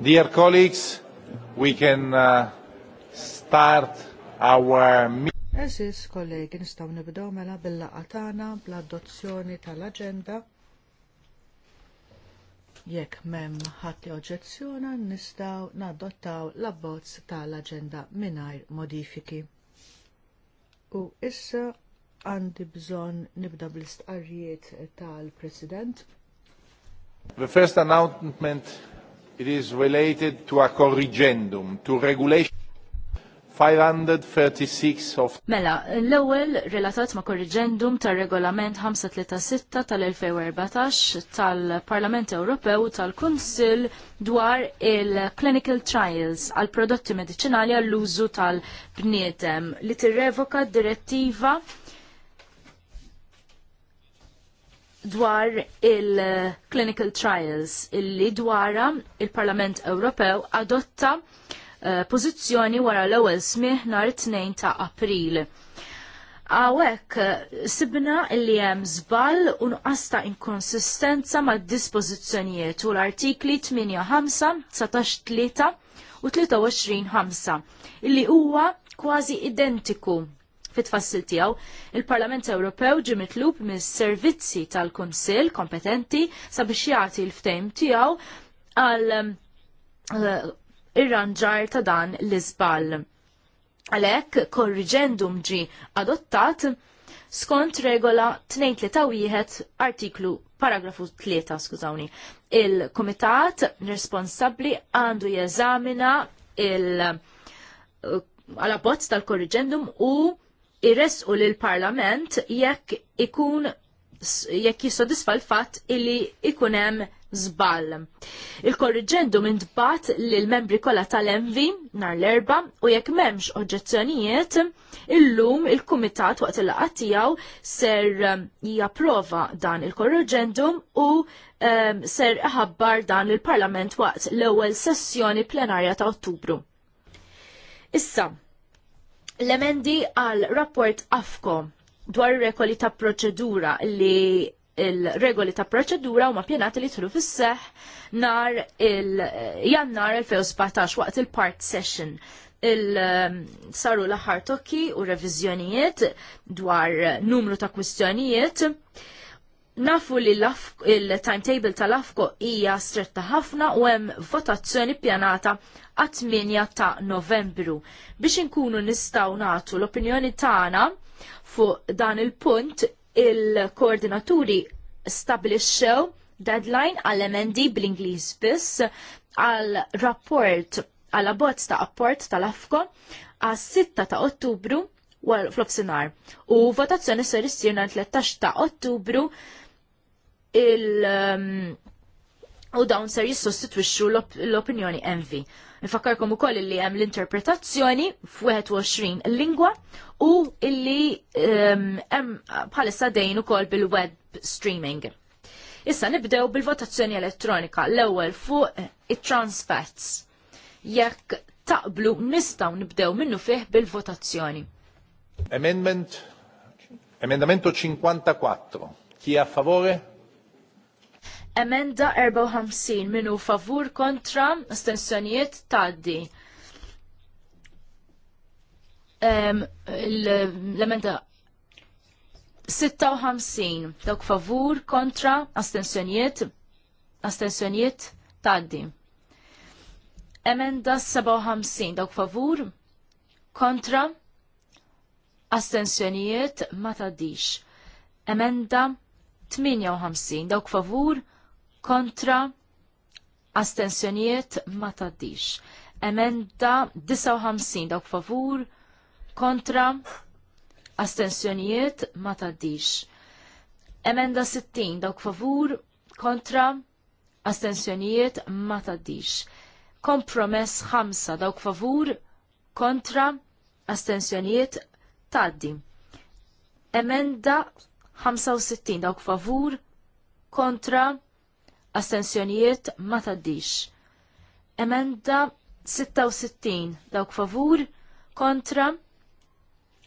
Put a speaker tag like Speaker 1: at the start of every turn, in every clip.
Speaker 1: Dear colleagues, we can uh, start our
Speaker 2: meeting. kollegi, nistaw nibdew mela bil-laqa tagħna bl-adozzjoni tal-aġenda. Jekk m'hemm ħadd oġġezzjona nistgħu nadottaw l-abbozz tal-aġenda mingħajr modifiki. U issa għandi bżonn nibda bl-istqarrijiet tal-President.
Speaker 1: The first announcement it is related to a corrigendum to regulation 536 of
Speaker 3: Mela, l-ewwel relatat ma' korriġendum tar-regolament 536 tal-2014 tal-Parlament Ewropew tal-Kunsill dwar il-clinical trials għal prodotti medicinali għall-użu tal-bniedem li tirrevoka d direttiva dwar il-clinical uh, trials illi dwara il-Parlament Ewropew adotta uh, pożizzjoni wara l-ewwel smih nhar 2 ta' April. Għawek, uh, sibna li jem zbal u nqasta inkonsistenza ma' dispozizjonijiet u l-artikli 8-5, 3 u 23-5, illi huwa kważi identiku fit-tfassil tiegħu, il-Parlament Ewropew ġi mitlub mis-servizzi tal-Kunsill kompetenti sabiex jagħti l-ftehim tiegħu għal um, uh, irranġar ta' dan l-iżball. Għalhekk korriġendum ġi adottat skont regola 231 artiklu paragrafu 3, skużawni. Il-komitat responsabli għandu jeżamina il- uh, għala bozz tal-korriġendum u irresqu l parlament jekk ikun jekk jissodisfa l-fatt illi ikun hemm żball. Il-korriġendu minn tbat lil membri kollha tal-envi nhar l-erba u jekk m'hemmx oġġezzjonijiet, illum il-kumitat waqt il-laqgħa tiegħu ser um, japprova dan il-korriġendu u um, ser iħabbar dan il-Parlament waqt l-ewwel sessjoni plenarja ta' Ottubru. Issa, L-emendi għal rapport AFCO dwar regoli ta' proċedura li il-regoli ta' proċedura huma pjenati li tħlu fisseħ nar il-jannar 2017 waqt il-part session il-saru um, l-aħħar u reviżjonijiet dwar numru ta' kwistjonijiet Nafu li il-timetable tal-afko hija stretta ħafna u hemm votazzjoni pjanata għat-8 ta' Novembru. Biex inkunu nistaw natu l-opinjoni tagħna fuq dan il-punt il-koordinaturi stabilixxew deadline għall emendi bl-Ingliż biss għal rapport għal abbozz ta' apport tal-afko għas 6 ta' Ottubru fl-ofsinar u votazzjoni ser issir 13 ta' Ottubru il- um, u dawn ser jissostitwixxu l-opinjoni envi. Nifakkarkom ukoll li hemm l-interpretazzjoni f'21 lingwa u illi um, hemm bħalissa dejn ukoll bil-web streaming. Issa nibdew bil-votazzjoni elettronika l-ewwel fuq it-transfats. Jekk taqblu nistgħu nibdew minnu fih bil-votazzjoni.
Speaker 1: Amendment Emendamento 54. Chi è a favore?
Speaker 3: Emenda 54 minu favur kontra astensjonijiet taddi. L-emenda 56 dawk favur kontra astensjonijiet astensjonijiet taddi. Emenda 57 dawk favur kontra astensjonijiet ma taddix. Emenda 58 dawk favur kontra astensjonijiet ma taddix. Emenda 59 dawk favur kontra astensjonijiet ma taddix. Emenda 60 dawk favur kontra astensjonijiet ma taddix. Kompromess 5 dawk favur kontra astensjonijiet taddi. Emenda 65 dawk favur kontra astensjonijiet ma taddix. Emenda 66 dawk favur kontra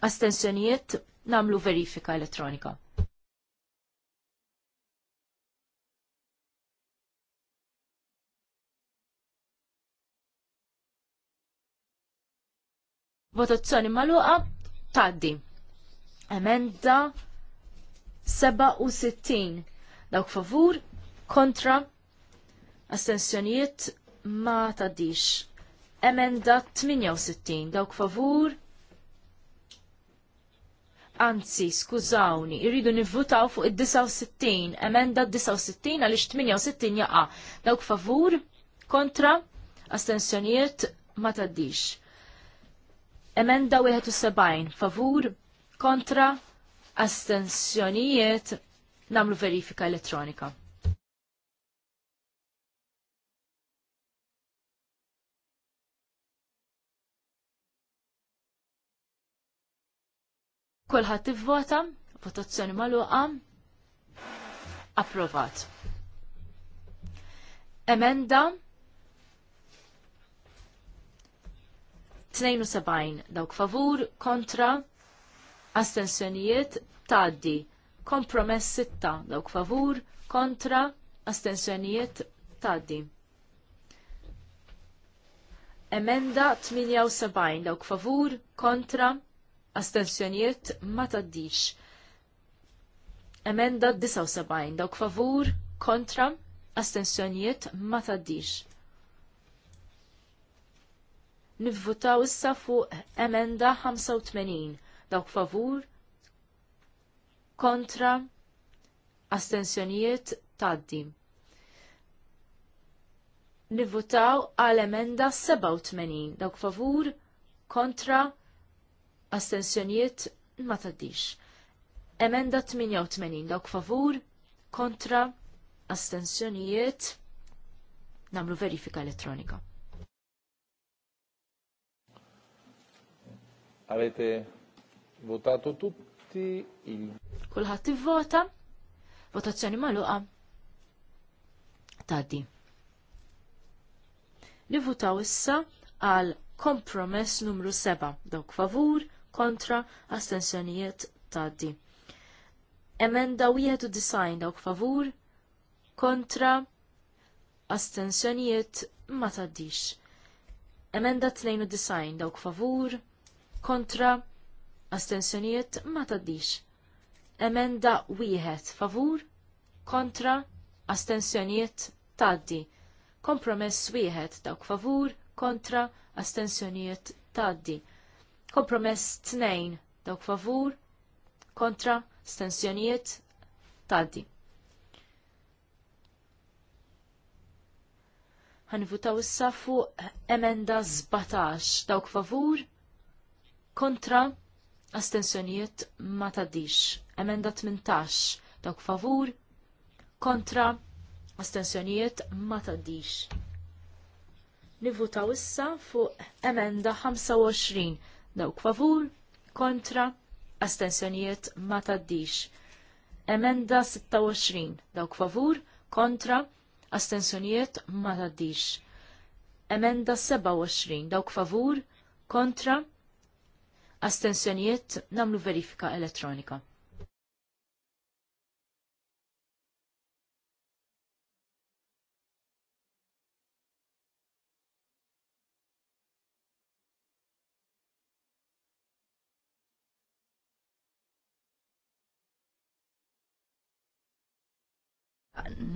Speaker 3: astensjonijiet namlu verifika elettronika. Votazzjoni maluqa taddi. Emenda 67 dawk favur kontra astensjonijiet ma taddix. Emenda 68 dawk favur Anzi, skużawni, irridu nivvutaw fuq id-69, emenda 69 għaliex 68 jaqa. Dawk favur, kontra, astensjonijiet ma taddix. Emenda 71, favur, kontra, astensjonijiet namlu verifika elettronika. Kolħat ivvota, votazzjoni maluqa, approvat. Emenda 72 dawk favur kontra astensjonijiet taddi. Kompromess 6 dawk favur kontra astensjonijiet taddi. Emenda 78 dawk favur kontra astensjonijiet ma taddix. Emenda 79 dawk favur kontra astensjonijiet ma taddix. Nivvutaw issa fuq emenda 85 dawk favur kontra astensjonijiet taddi. Nivvutaw għal emenda 87 dawk favur kontra astensjonijiet ma taddix. Emenda 88 dawk favur kontra astensjonijiet namlu verifika elettronika.
Speaker 1: Avete votato tutti il...
Speaker 3: Kulħat vota votazzjoni maluqa, taddi. Nivutaw issa għal kompromess numru 7, dawk favur, kontra astensjonijiet taddi. Emenda wieħed u design dawk favur kontra astensjonijiet ma taddix. Emenda tnejn u design dawk favur kontra astensjonijiet ma taddix. Emenda wieħed favur kontra astensjonijiet taddi. Kompromess wieħed dawk favur kontra astensjonijiet taddi. Kompromess t-nejn dawk favur kontra stensjonijiet taddi. Ħanvutaw issa fuq emenda 17 dawk favur kontra astensjonijiet ma taddix. Emenda 18 dawk favur kontra astensjonijiet ma taddix. Nivutaw issa fuq emenda 25 dawk favur, kontra, astensjonijiet ma taddix. Emenda 26, dawk favur, kontra, astensjonijiet ma taddix. Emenda 27, dawk favur, kontra, astensjonijiet namlu verifika elettronika.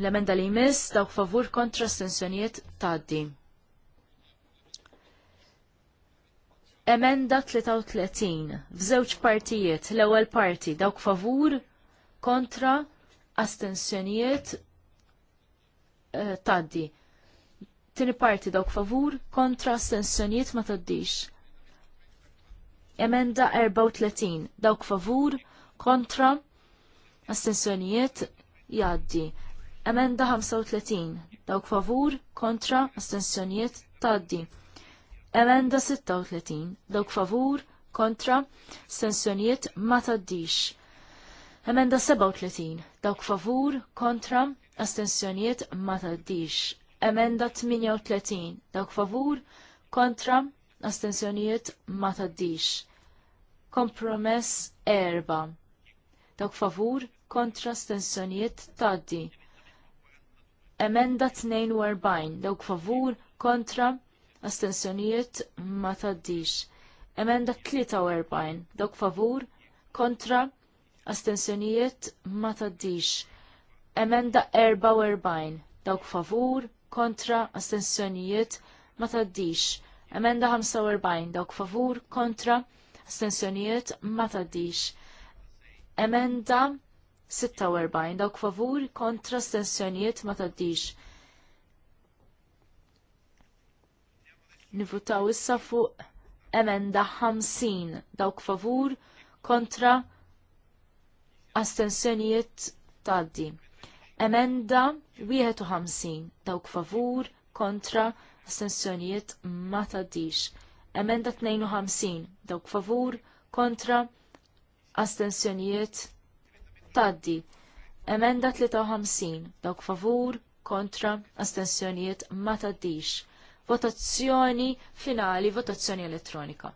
Speaker 3: l-emenda li jmiss dawk favur kontra stensjonijiet taddi. Emenda 33 f'żewġ partijiet l-ewwel parti dawk favur kontra astensjonijiet eh, taddi. Tini parti dawk favur kontra astensjonijiet ma taddix. Emenda 34 dawk favur kontra astensjonijiet jaddi. Emenda 35. Dawk favur kontra astensjonijiet taddi. Emenda 36. Dawk favur kontra astensjonijiet ma taddix. Emenda 37. Dawk favur kontra astensjonijiet ma taddix. Emenda 38. Dawk favur kontra astensjonijiet ma taddix. Kompromess erba. Dawk favur kontra astensjonijiet taddi Emenda 42, dawk favur kontra astensjonijiet ma taddix. Emenda 43, dawk favur kontra astensjonijiet ma taddix. Emenda 44, dawk favur kontra astensjonijiet ma taddix. Emenda 45, dawk favur kontra astensjonijiet ma taddix. Emenda 46 dawk favur kontra stensjonijiet ma taddix. Nivutaw issa fuq emenda 50 dawk favur kontra astensjonijiet taddi. Emenda 51 dawk favur kontra astensjonijiet ma taddix. Emenda 52 dawk favur kontra astensjonijiet taddi. Emenda 53, dawk favur, kontra, astensjonijiet ma taddix. Votazzjoni finali, votazzjoni elettronika.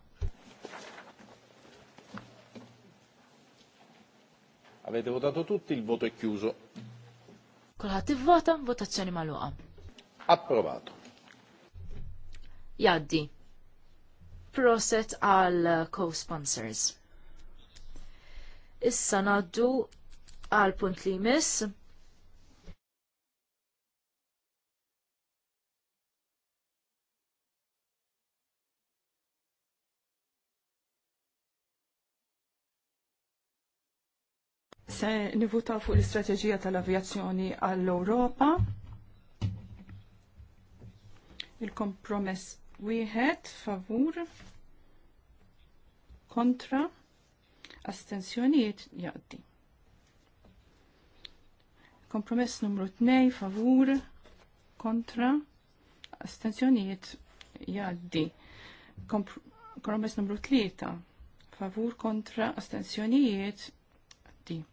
Speaker 1: Avete votato tutti, il voto è chiuso.
Speaker 3: Kulħadd ivvota, votazzjoni magħluqa. Approvato. Jaddi. Proset għal co-sponsors. Issa naddu għal punt li jmiss.
Speaker 4: Se nivutaw fuq l-istrateġija tal-avjazzjoni għall-Europa. Il-kompromess wieħed favur kontra astensjonijiet jaqdi. Kompromess numru 2 favur kontra astenzjonijiet jaddi. Kompromess numru 3 favur kontra astenzjonijiet jaddi.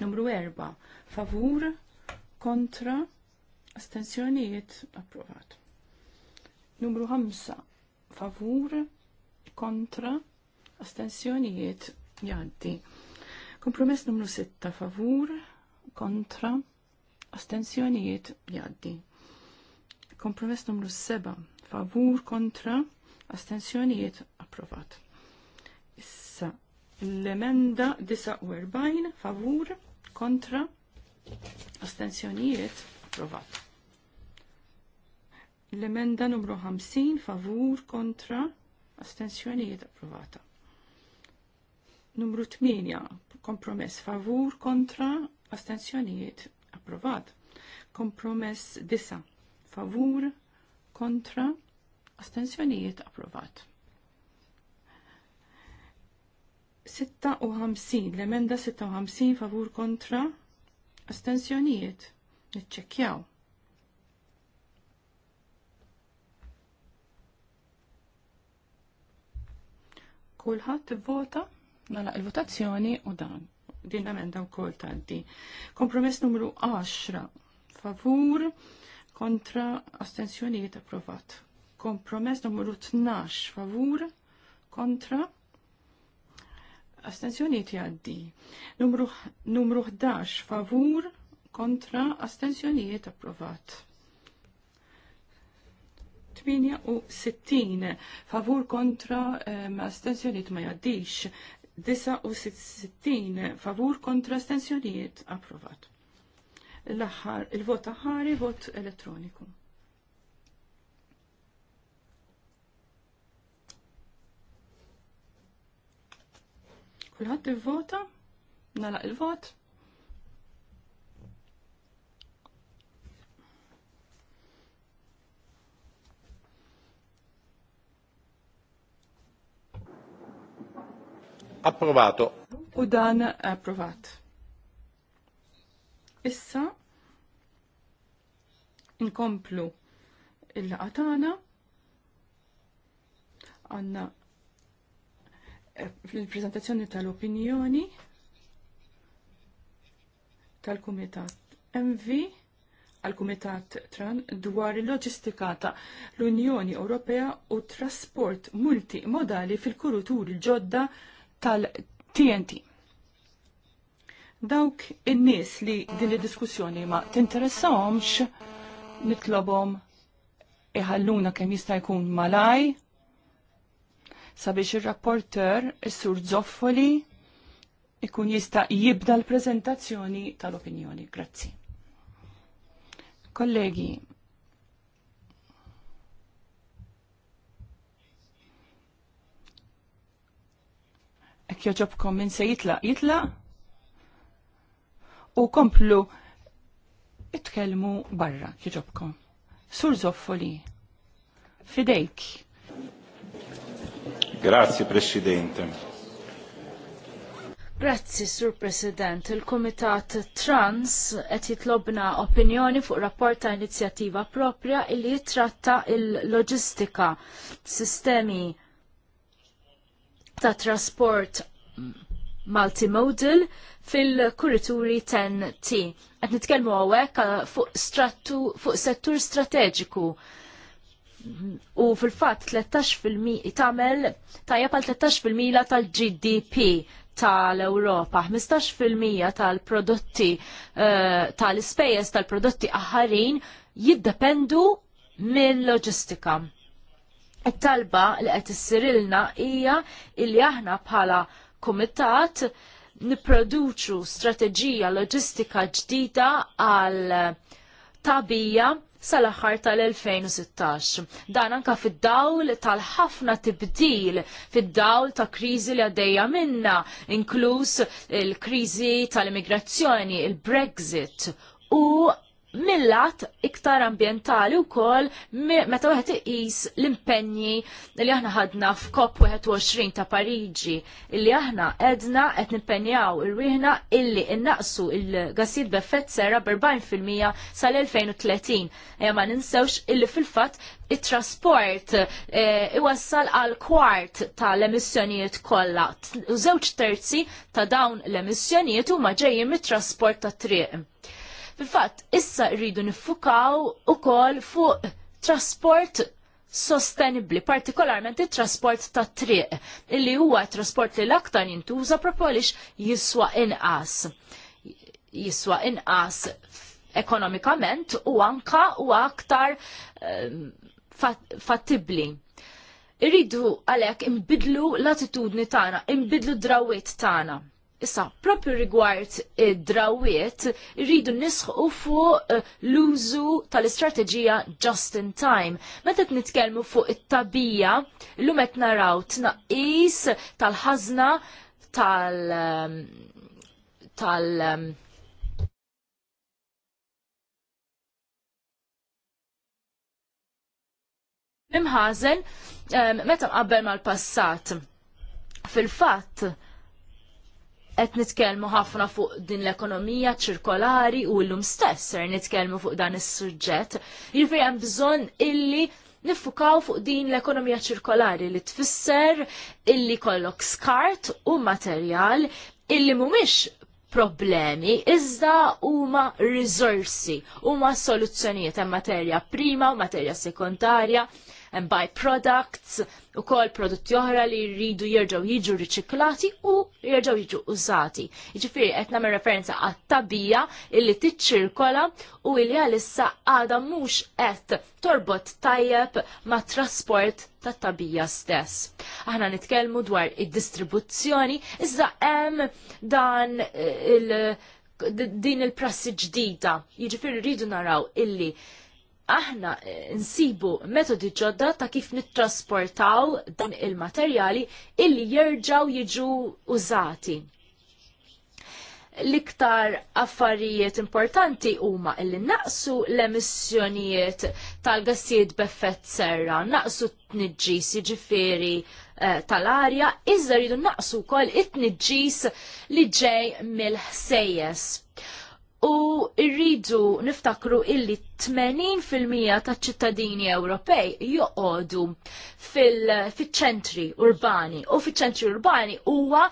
Speaker 4: Numru 4 favur kontra astenzjonijiet approvat. Numru 5 favur kontra astenzjonijiet jaddi. Kompromess numru 6 favur kontra astensjonijiet jaddi. Kompromess numru 7 favur kontra astensjonijiet approvat. Issa l-emenda 49 favur kontra astensjonijiet approvat. L-emenda numru 50 favur kontra astensjonijiet approvata. Numru 8 kompromess favur kontra astensjonijiet approvat. Kompromess disa favur kontra astensjonijiet approvat. 56, l-emenda 56 favur kontra astensjonijiet. Niċċekjaw. Kulħadd vota nagħlaq il-votazzjoni u dan din l-emenda wkoll tgħaddi. Kompromess numru 10 favur kontra astensjonijiet approvat. Kompromess numru 12 favur kontra astensjonijiet jgħaddi. Numru, numru 11 favur kontra astensjonijiet approvat. 68 favur kontra um, astensjoniet ma jaddix 69 favur kontra stensjonijiet approvat. L-aħħar, il-vot aħħari, vot elettroniku. Kulħadd ivvota, nalaq il-vot.
Speaker 1: Approvato.
Speaker 4: U dan approvat. Issa, inkomplu il-qatana, għanna eh, fil-prezentazzjoni tal-opinjoni tal-Kumitat MV għal-Kumitat Tran dwar il-loġistika ta' l-Unjoni Ewropea u trasport multimodali fil-kurutur ġodda tal-TNT. Dawk in-nies li din id-diskussjoni ma tinteressahomx nitlobhom iħalluna kemm jista' jkun malaj sabiex ir-rapporter is-sur Zoffoli ikun jista' jibda l-preżentazzjoni tal-opinjoni. Grazzi. Kollegi, jekk joġobkom min se jitlaq jitlaq u komplu itkelmu barra joġobkom. Sur Zoffoli, fidejk.
Speaker 1: Grazie Presidente.
Speaker 3: Grazzi, Sur President. Il-Komitat Trans qed jitlobna opinjoni fuq rapport ta' inizjattiva propria illi jitratta il-loġistika, sistemi ta' trasport multimodal fil-kurituri 10T. Qed nitkellmu għawek uh, fuq, fuq settur strateġiku u fil-fat 13% tamel tajjeb għal 13% tal-GDP tal-Europa, 15% tal-prodotti uh, tal-ispejjeż tal-prodotti aħarin jiddependu mill-loġistika. It-talba li qed issirilna hija illi aħna bħala kumitat niproduċu strateġija loġistika ġdida għal tabija sal-aħħar tal-2016. Dan anka fid-dawl tal-ħafna tibdil fid-dawl ta' kriżi li għaddejja minna, inkluż il-kriżi tal-immigrazzjoni, il-Brexit u millat iktar ambientali u kol meta wieħed iqis l-impenji li aħna ħadna f'COP 21 ta' Pariġi illi aħna edna qed nimpenjaw il-wihna illi innaqsu il-gassijiet b'effett serra b'40% sal-2030. Ejja ma ninsewx illi fil-fatt it-trasport e, iwassal għal kwart tal-emissjonijiet kollha. Żewġ terzi ta' dawn l-emissjonijiet huma ġejjin mit-trasport tat triq Fil-fatt, issa rridu nifukaw ukoll fuq trasport sostenibli, partikolarment it-trasport ta' triq, illi huwa trasport li l-aktar jintuża propolix jiswa inqas. Jiswa inqas ekonomikament u anka u aktar ehm, fattibli. Irridu għalek imbidlu l-attitudni tagħna, imbidlu drawiet tagħna. Issa, propju rigward id-drawiet, rridu nisħu fuq eh, l-użu tal-istrateġija just in time. Meta nitkellmu fuq it-tabija, l-lum qed naraw tnaqqis tal ħazna ehm, tal- tal ehm, Mimħazen, ehm, meta qabel mal-passat. Fil-fatt, qed nitkellmu ħafna fuq din l-ekonomija ċirkolari u llum stess ser nitkellmu fuq dan is-suġġett. Jiġifieri hemm bżonn illi nifukaw fuq din l-ekonomija ċirkolari li tfisser illi kollok skart u materjal illi mhumiex problemi iżda huma risorsi, huma soluzzjonijiet ta' materja prima u materja sekundarja And products u ukoll prodotti oħra li jridu jerġgħu jiġu riċiklati u jerġgħu jiġu użati. Jiġifieri qed nagħmel referenza għat-tabija illi tiċċirkola u illi għalissa għadha mhux qed torbot tajjeb ma' trasport tat-tabija stess. Aħna nitkellmu dwar id-distribuzzjoni, iżda hemm dan il- din il-prassi ġdida. Jiġifieri rridu naraw illi aħna eh, nsibu metodi ġodda ta' kif nittrasportaw dan il-materjali illi jirġaw jiġu użati. L-iktar affarijiet importanti huma illi naqsu l-emissjonijiet tal-gassijiet b'effett serra, naqsu t-nġis jiġifieri eh, tal-arja, iżda rridu naqsu wkoll it-tniġġis li ġej mill-ħsejjes. U rridu niftakru illi 80% ta' ċittadini Ewropej joqogħdu fil-ċentri urbani u fiċ-ċentri urbani huwa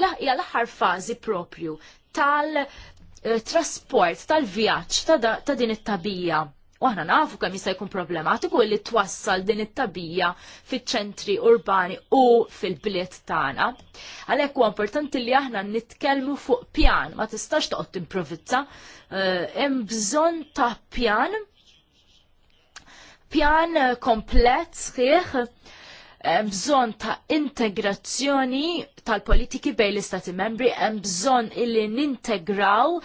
Speaker 3: l-aħħar fażi propju tal-trasport, eh, tal-vjaġġ ta' din it-tabija. U aħna nafu kemm jista' jkun problematiku li twassal din it-tabija fiċ-ċentri urbani u fil-bliet tagħna. Għalhekk huwa importanti li aħna nitkellmu fuq pjan, ma tistax toqgħod timprovizza, eh, hemm uh, bżonn ta' pjan pjan komplett sħiħ hemm bżonn ta' integrazzjoni tal-politiki bejn l-istati membri, hemm bżonn illi nintegraw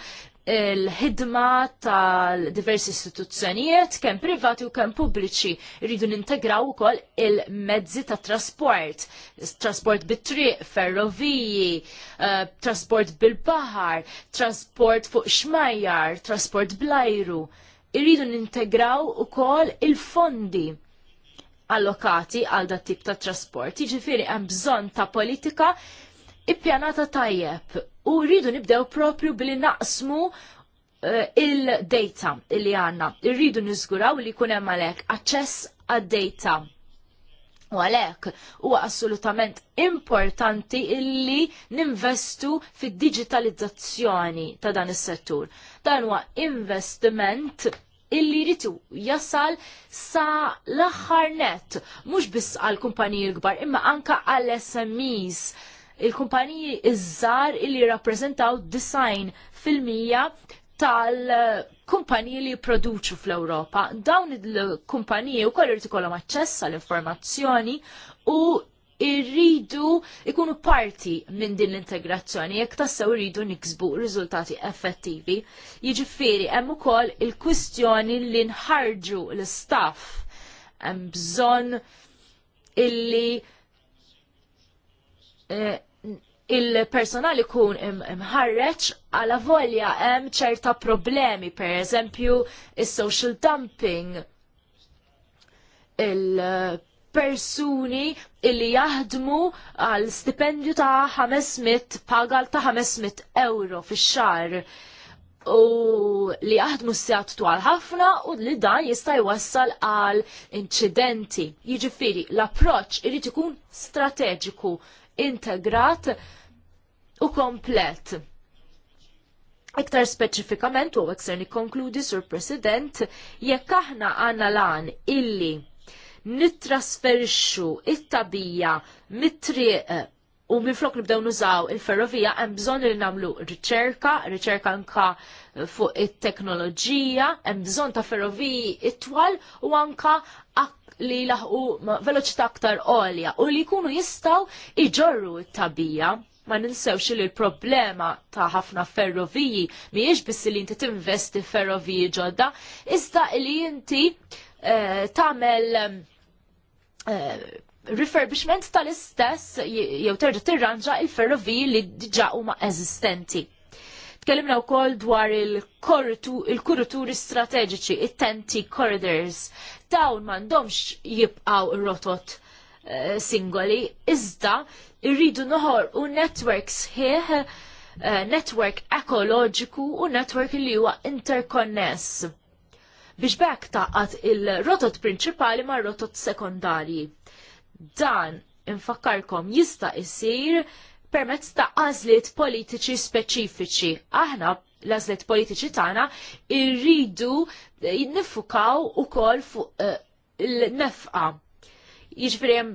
Speaker 3: il-ħidma tal-diversi istituzzjonijiet, kemm privati u kemm pubbliċi, rridu nintegraw ukoll il-mezzi ta' trasport, trasport bit-triq, ferroviji, eh, trasport bil-bahar, trasport fuq xmajjar, trasport blajru. Irridu nintegraw ukoll il-fondi allokati għal dat tip ta' trasport. Jiġifieri hemm bżonn ta' politika ippjanata tajjeb u rridu nibdew propju billi naqsmu uh, il-data li għanna. Irridu nizguraw li kunem għalek aċċess għad-data. U għalek huwa assolutament importanti illi ninvestu fid-digitalizzazzjoni ta' dan is-settur. Dan huwa investiment illi ritu jasal sa l-aħħar net, mhux bis għal kumpaniji l-kbar, imma anka għal SMEs il-kumpaniji iż-żar illi jirrappreżentaw design fil-mija tal-kumpaniji li jipproduċu fl-Ewropa. Dawn il-kumpaniji wkoll irid ikollhom aċċess għall-informazzjoni u irridu ikunu parti minn din l-integrazzjoni jekk tassew irridu niksbu riżultati effettivi. Jiġifieri hemm ukoll il-kwistjoni li nħarġu l-istaff hemm bżonn illi Eh, il-personal ikun imħarreċ għala volja hemm ċerta problemi, per eżempju il-social dumping, il-persuni illi jaħdmu għal stipendju ta' 500, pagal ta' 500 euro fi xar u li jaħdmu s-sijat twal ħafna u li dan jista' jwassal għal incidenti. Jiġifieri l-approċċ irid ikun strateġiku integrat u komplet. Iktar speċifikament u għek ser nikonkludi sur President, jekk aħna għanna lan illi nittrasferixxu it-tabija mit-triq eh, u minflok nibdew nużaw il-ferrovija hemm bżonn li nagħmlu riċerka, riċerka anka fuq it-teknoloġija, hemm bżonn ta' ferroviji itwal u anka li laħqu veloċità aktar għolja u li jkunu jistgħu iġorru t-tabija ma ninsewx li l-problema ta' ħafna ferroviji miex biss li inti tinvesti ferroviji ġodda, iżda li inti eh, tagħmel eh, refurbishment tal-istess jew terġa' tirranġa il-ferroviji li diġa' huma eżistenti. Tkellimna wkoll dwar il-kuruturi strateġiċi, it-tenti corridors. Dawn m'għandhomx jibqgħu rotot eh, singoli, iżda irridu noħor u networks ħieħ eh, network ekoloġiku u network li huwa interkonness biex bekk taqqat il-rotot prinċipali ma' rotot sekondarji. Dan infakkarkom jista' isir permezz ta' għażliet politiċi speċifiċi. Aħna l-għażliet politiċi tagħna irridu jinnifukaw ukoll fuq eh, il-nefqa. Jiġifieri hemm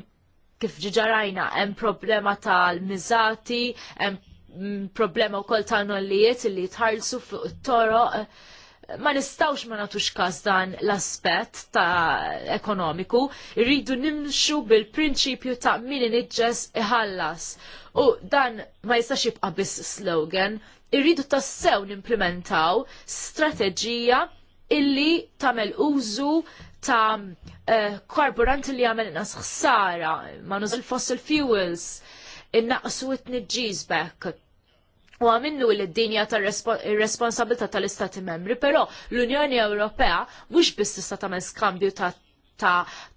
Speaker 3: kif ġiġarajna hemm problema tal-miżati, hemm mm, problema wkoll ta' nollijiet li tħarsu fuq it-toroq ma nistawx ma natux kas dan l-aspet ta' ekonomiku, irridu nimxu bil-prinċipju ta' min inġes iħallas. U dan ma jistax jibqa' biss slogan, irridu tassew nimplementaw strateġija illi tamel użu ta' eh, karburant li għamel nas ħsara, ma il fossil fuels, innaqsu it-nġizbek U għamennu l-dinja ta' responsabilta tal-Istati membri, pero l-Unjoni Ewropea mux biss tista' tagħmel skambju ta', ta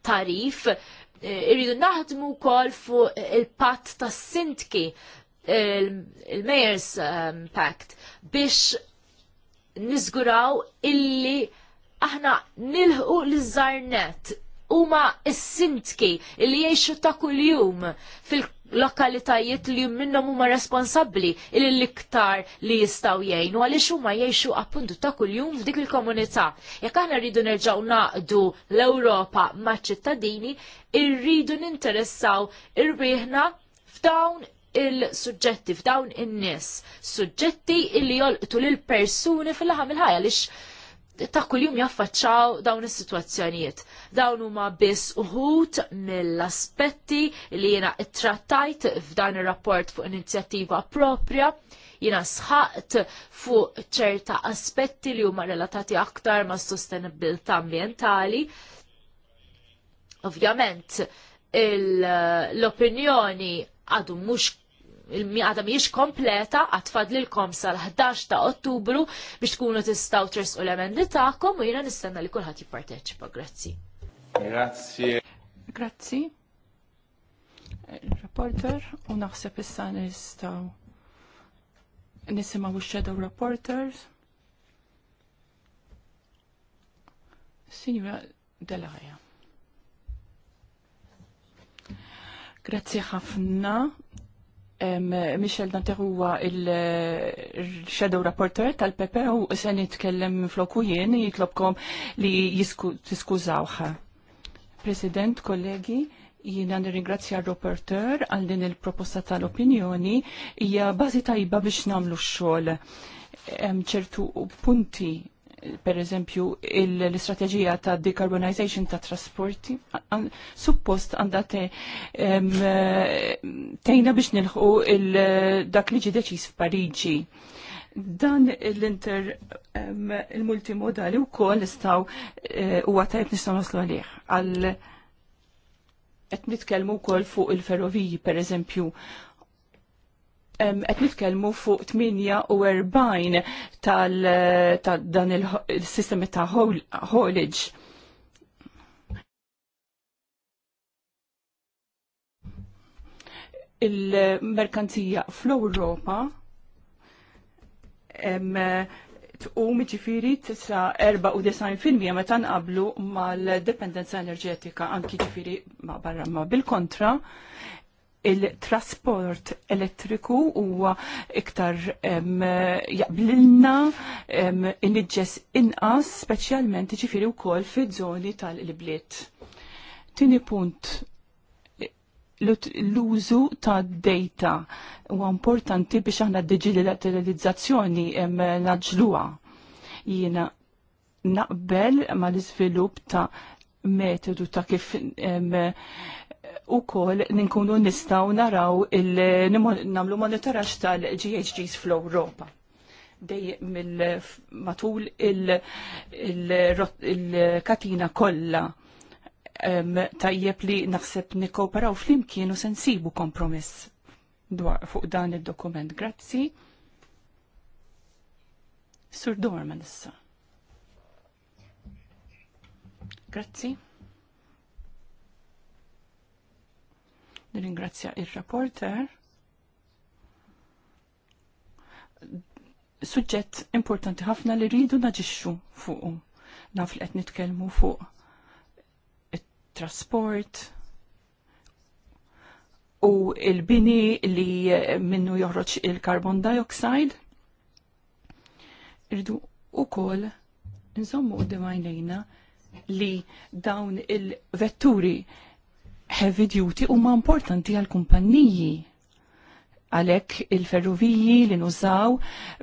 Speaker 3: tarif, eh, irridu naħdmu kol fuq il-patt ta' sintki il-Mayors um, Pact biex nizguraw illi aħna nilħu l-żarnet huma s-sintki li jgħixu ta' kuljum fil lokalitajiet li minnhom huma responsabbli il l-iktar li jistgħu jgħinu għaliex huma jgħixu appuntu ta' kuljum f'dik il-komunità. Jekk aħna rridu nerġgħu naqdu l-Ewropa maċ-ċittadini, irridu ninteressaw ir-rieħna f'dawn il-suġġetti f'dawn in-nies, suġġetti li jolqtu lil persuni fil-ħam ħajja lix ta' kuljum jaffaċċaw dawn is-sitwazzjonijiet. Dawn huma biss uħut mill-aspetti li jiena ittrattajt f'dan ir-rapport fuq inizjattiva propja jiena sħaqt fuq ċerta aspetti li huma relatati aktar ma' sostenibilità ambientali. Ovvjament, l-opinjoni għadu mhux il-miqada miex kompleta għatfad lilkom sal-11 ta' ottubru biex tkunu tistaw tres u l-emendi ta'kom u jina nistenna li kullħat jipparteċipa. Grazzi.
Speaker 1: Grazzi.
Speaker 3: Grazzi.
Speaker 4: Reporter, u naħseb issa nistaw nisimaw shadow reporters. Signora Delaja. Grazzi ħafna Michel Danter huwa il-shadow eh, rapporteur tal-Pepe u se nitkellem floku jien jitlobkom li tiskużawha. President, kollegi, jina nirringrazzja r-rapporteur għal din il-proposta tal-opinjoni hija bażi tajba biex nagħmlu x-xogħol. Hemm ċertu punti per eżempju l-istrateġija ta' decarbonization ta' trasporti suppost għandha eh, tejna biex nilħu dak li deċis deċiż f'Pariġi. Dan l-inter il-multimodali u kol istaw eh, u għatajb nistaw naslu għalih. Għal qed nitkellmu wkoll fuq il-ferroviji per eżempju qed nitkellmu fuq 48 tal, dan il-sistemi ta' haulage. Il-merkanzija fl-Ewropa u ġifiri tisa 94% meta nqablu mal-dependenza enerġetika anki ġifiri ma barra ma bil-kontra il-trasport elettriku huwa iktar jaqblilna inġess inqas, speċjalment ġifiri wkoll fi żoni tal-bliet. Tini punt l-użu ta' data huwa importanti biex aħna digitalizzazzjoni naġluwa. Jiena naqbel ma' l-iżvilupp ta' metodu ta' kif u kol ninkunu nistaw naraw il-namlu monitoraċ tal-GHGs fl-Europa dej mill-matul il-katina kolla tajjeb li naħseb nikkooperaw fl-imkien u sensibu kompromiss fuq dan il-dokument. Grazzi. Sur Dorman issa. Grazzi. Nirringrazzja il-rapporter. Suġġett importanti ħafna li rridu naġixxu fuq Naf li qed nitkellmu fuq it-trasport u il-bini li minnu joħroġ il-carbon dioxide. Irridu ukoll nżommu u għajnejna li dawn il-vetturi heavy duty huma importanti għal kumpanniji għalek il-ferroviji li nużaw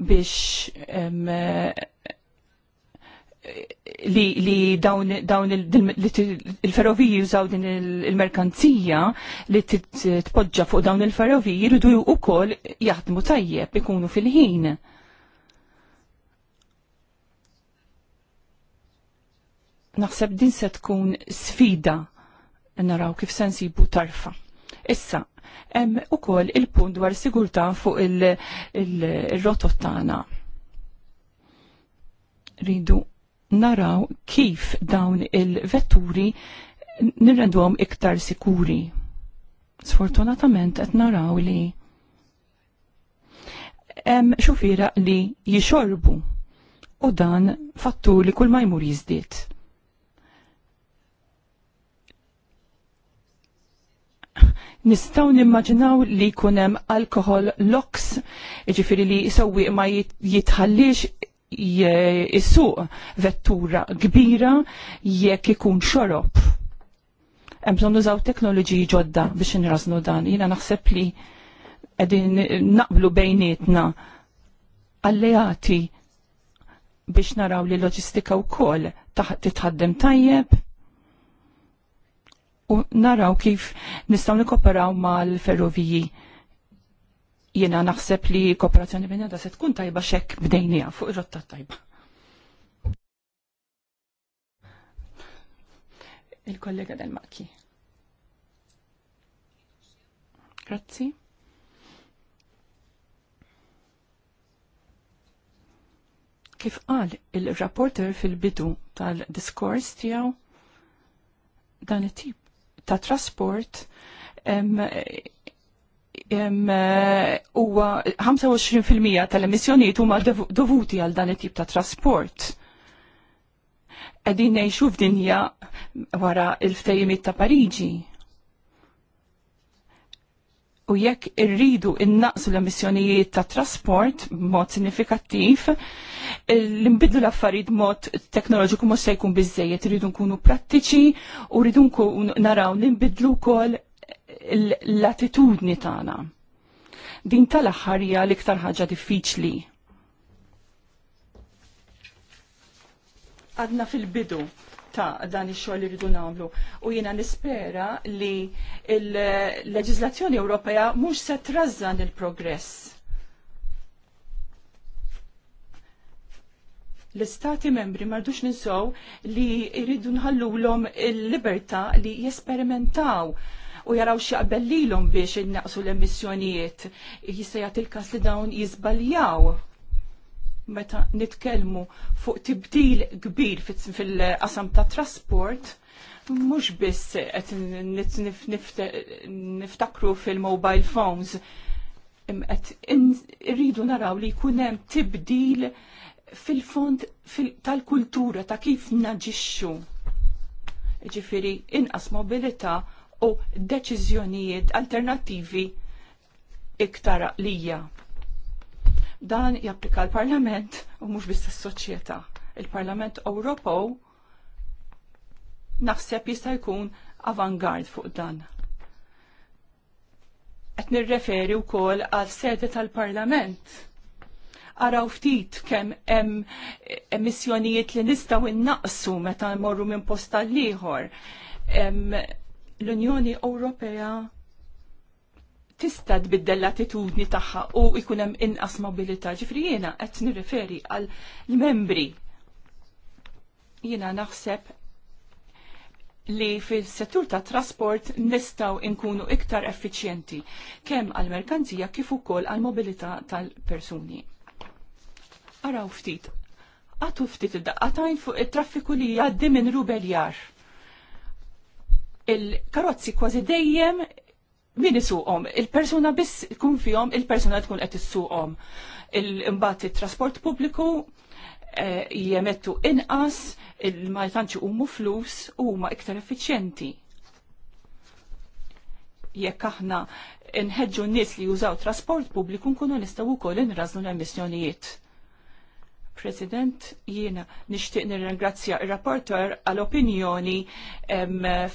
Speaker 4: biex um, li, li dawn, dawn il-ferroviji użaw din il-merkanzija li tpoġġa fuq dawn il-ferroviji rridu u kol jaħdmu tajjeb ikunu fil-ħin. Naħseb din se tkun sfida naraw kif se nsibu tarfa. Issa, hemm ukoll il-punt dwar sigurtà fuq il-rotot tagħna. Ridu naraw kif dawn il-vetturi nirrendhom iktar sikuri. Sfortunatament qed naraw li hemm xufira li jixorbu u dan fattur li kull ma jmur jiżdied nistaw nimmaġinaw li kunem alkohol loks, ġifiri li jisawi ma jitħallix jissuq vettura kbira jekk ikun xorob. Hemm bżonn nużaw teknoloġiji ġodda biex inrasnu dan. Jiena naħseb li qegħdin naqblu bejnietna alleati biex naraw li loġistika wkoll titħaddem tajjeb u naraw kif nistgħu nikoperaw mal-ferroviji. Jiena naħseb li kooperazzjoni bejn se tkun tajba xekk bdejnija fuq ir-rotta tajba. Il-kollega del Maki. Grazzi. Kif qal il-rapporter fil-bidu tal-diskors tiegħu dan it-tip ta' trasport eh, huwa 25% tal-emissjonijiet huma dovuti għal dan it-tip ta' trasport. Qegħdin ngħixu f'dinja wara il-ftejimiet ta' Pariġi u jekk irridu innaqsu l-emissjonijiet ta' trasport mod sinifikattiv, l-imbidlu l-affarijiet mod teknoloġiku mhux se jkun biżejjed, irridu nkunu prattiċi u rridu nkunu naraw l-imbidlu wkoll l-attitudni tagħna. Din tal-aħħar hija l-iktar ħaġa diffiċli. Għadna fil-bidu ta' dan ix-xogħol li rridu nagħmlu. U jiena nispera li l-leġiżlazzjoni Ewropea mhux se trażżan il-progress. L-istati membri mardux ninsow li jridu nħallulhom il-libertà li jesperimentaw u jaraw xaqbellilhom biex innaqsu l-emissjonijiet. Jista' jagħti l-każ li dawn jiżbaljaw meta nitkellmu fuq tibdil kbir fil-qasam ta' trasport, mhux biss qed niftakru fil-mobile phones, qed irridu naraw li jkun hemm tibdil fil-fond tal-kultura ta' kif naġixxu. Ġifieri inqas mobilità u deċiżjonijiet alternattivi iktar lija Dan japplika l-Parlament u mhux biss is-soċjetà. Il-Parlament Ewropew naħseb jista' jkun avangard fuq dan. Qed nirreferi wkoll għal sede tal-Parlament araw ftit kemm hemm emissjonijiet li nistgħu innaqsu meta mmorru minn post tal ieħor. L-Unjoni Ewropea tista tbiddel l-attitudni tagħha u jkun hemm inqas mobilità. Ġifri jiena qed nirriferi għal membri jiena naħseb li fil-settur ta' trasport nistaw inkunu iktar effiċjenti kemm għal merkanzija kif ukoll għal mobilità tal-persuni. Araw ftit, għatu ftit id-daqqatajn fuq it-traffiku li jgħaddi minn rubeljar. Il-karozzi kważi dejjem min isuqhom? Il-persuna biss tkun fihom, il-persuna tkun qed issuqhom. Imbagħad it-trasport pubbliku eh, jemettu inqas, ma tantx umu flus u huma iktar effiċjenti. Jekk aħna nħeġġu n-nies li jużaw trasport pubbliku nkunu nistgħu wkoll inrażlu l-emissjonijiet President, jiena nixtieq nirringrazzja ir-rapporter għal-opinjoni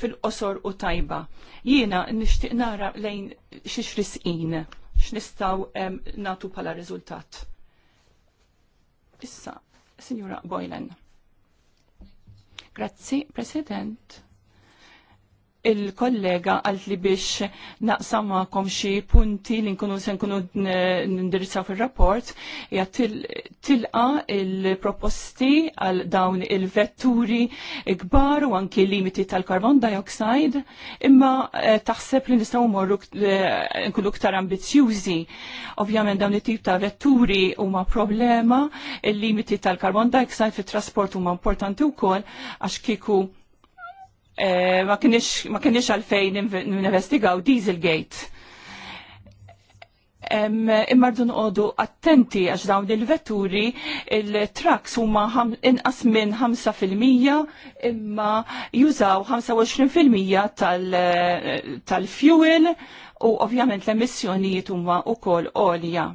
Speaker 4: fil-qosor u tajba. Jiena nixtieq nara lejn xiex risqin, x'nistgħu natu pala riżultat. Issa, Signora Boylan. Grazzi, President il-kollega għalt li biex naqsam ma'kom xi punti li nkunu se nkunu nindirizzaw fil-rapport ja tilqa il-proposti għal dawn il-vetturi kbar u anki limiti tal-carbon dioxide imma eh, taħseb li nistgħu morru nkunu ktar ambizzjużi. Ovvjament dawn it-tip ta' vetturi huma problema, il-limiti tal-carbon dioxide fit-trasport huma importanti wkoll għax kieku Eh, ma kienix għalfejn investigaw Dieselgate. Imma rdu nqodu attenti għax dawn il-vetturi il-trucks huma inqas minn 5% imma jużaw 25% tal-fuel u ovvjament l-emissjonijiet huma wkoll għolja.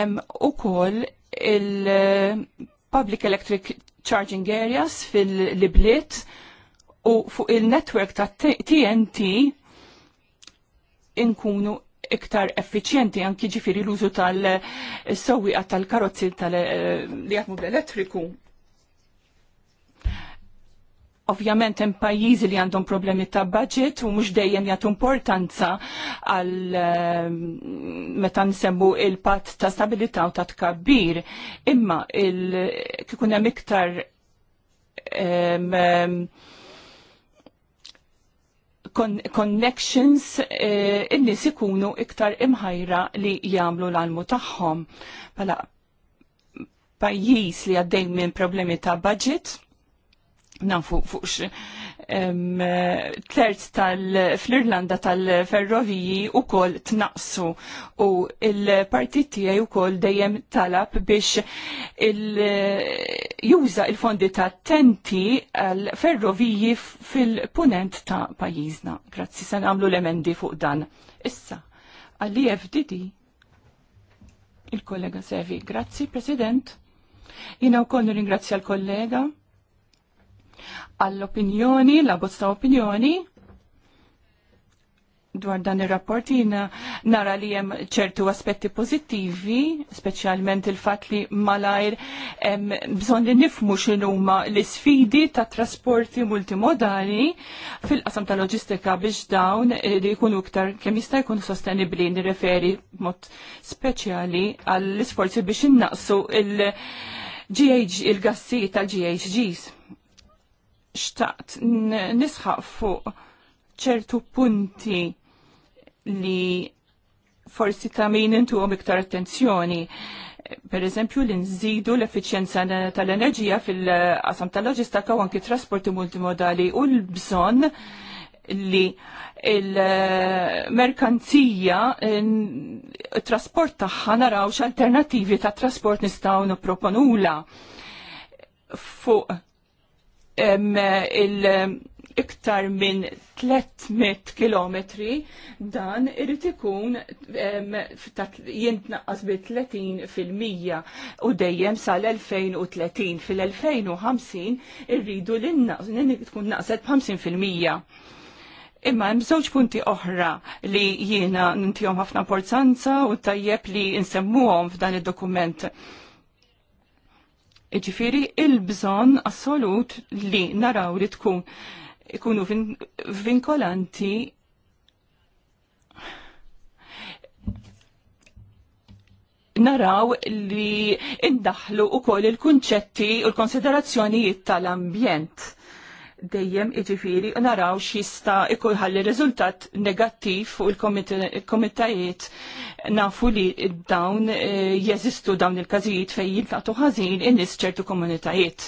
Speaker 4: U ukoll il- public electric charging areas fil-libliet u fuq il-network ta' TNT inkunu iktar effiċjenti anki ġifiri l-użu tal sowi eh, tal-karozzi tal-li għatmu bl-elettriku Ovvjament hemm pajjiżi li għandhom problemi ta' budget u mhux dejjem jagħtu importanza għal ehm, meta nsemmu il-patt ta' stabilità u ta' tkabbir. Imma kikun hemm iktar ehm, ehm, connections eh, in-nies ikunu iktar imħajra li jagħmlu l-almu tagħhom. Pala pajjiż li għaddej minn problemi ta' budget, nafu fuq terz tal fl-Irlanda tal-ferroviji u kol tnaqsu u il-partit tiegħi u kol dejjem talab biex il juża il-fondi ta' tenti għal-ferroviji fil-punent ta' pajjiżna. Grazzi se nagħmlu l-emendi fuq dan. Issa, għalli fdd il-kollega Sevi. Grazzi, President. Jina u koll ringrazzja l-kollega għall-opinjoni, la bozza opinjoni, dwar dan ir-rapport jina nara li hemm ċertu aspetti pożittivi, speċjalment il-fatt li malajr bżonn li nifmu x'inhuma l-isfidi ta' trasporti multimodali fil-qasam ta' loġistika biex dawn li jkunu iktar kemm jista' jkun sostenibbli nireferi mod speċjali għall-isforzi biex innaqsu il-GHG il-gassi tal-GHGs xtaqt nisħaq fuq ċertu punti li forsi ta' min intu għom iktar attenzjoni. Per eżempju, li nżidu l-effiċjenza tal-enerġija fil-qasam tal-loġistika u anki trasporti multimodali u l-bżon li il-merkanzija, trasport taħħa narawx alternativi ta' trasport nistaw nipproponula fuq iktar minn 300 km dan irrit ikun jintnaqqas bi 30 fil-mija u dejjem sal-2030 fil-2050 irridu li tkun naqset b'50 fil-mija. Imma hemm żewġ punti oħra li jiena nintihom ħafna importanza u tajjeb li nsemmuhom f'dan id-dokument Iġifiri, il-bżon assolut li naraw li tkun ikunu vinkolanti naraw li indaħlu u koll il-kunċetti u l-konsiderazzjonijiet tal-ambjent dejjem iġifiri naraw xista ikolħalli rezultat negattiv fuq il-komitajiet nafu li dawn eh, jeżistu dawn il-kazijiet fej jiltaqtu ħażin in-nies ċertu komunitajiet.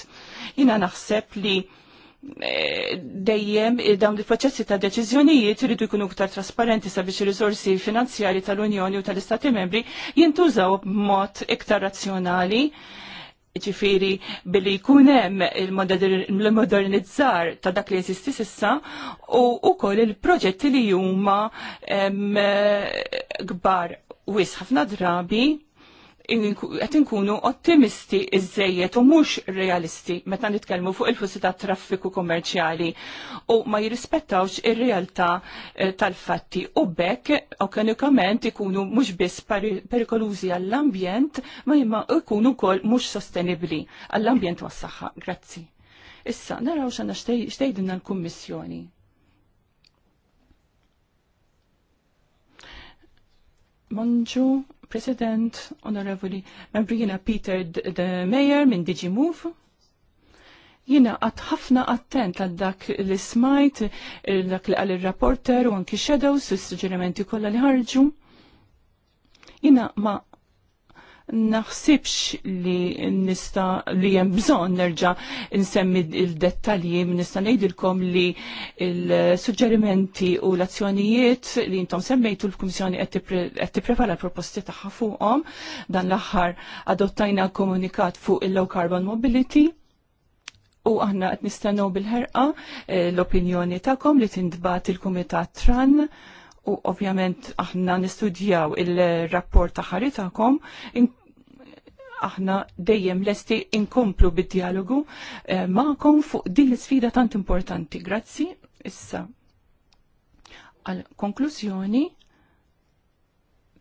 Speaker 4: Jina naħseb li eh, dejjem dawn il-proċessi ta' deċiżjonijiet iridu jkunu iktar trasparenti sabiex ir-riżorsi finanzjari tal-Unjoni u tal-Istati membri jintużaw b'mod iktar razzjonali ġifiri billi jkunem il-modernizzar ta' dak li jesisti sissa u koll il-proġetti li huma gbar eh, wis ħafna drabi qed inkunu ottimisti iżejjed u mhux realisti meta nitkellmu fuq il fusi ta' traffiku kummerċjali u ma jirrispettawx ir-realtà eh, tal-fatti u bekk okanikament ikunu mhux biss perikolużi għall-ambjent ma imma ikunu wkoll mhux sostenibbli għall-ambjent u saħħa Grazzi. Issa, naraw xanna xtejdinna l-Kummissjoni. Monġu, President, Onorevoli Membri, jina Peter de Meyer minn DigiMove. Jina għat ħafna attent għad dak li smajt, eh, dak li għal il-rapporter u anki shadows, s suġġerimenti kolla li ħarġu. Jina ma naħsibx li nista li hemm bżonn nerġa' nsemmi il-dettalji nista' ngħidilkom li l-suġġerimenti u l-azzjonijiet li intom semmejtu l-Kummissjoni qed tipprepara l-proposti tagħha fuqhom dan l-aħħar adottajna komunikat fuq il-low carbon mobility u aħna qed nistennew bil-ħerqa eh, l-opinjoni tagħkom li tindbat il-Kumitat Tran u ovvjament aħna nistudjaw il-rapport ta' ħaritakom, aħna dejjem lesti inkomplu bid-dialogu eh, ma'kom fuq din l-sfida tant importanti. Grazzi, issa. Għal konklużjoni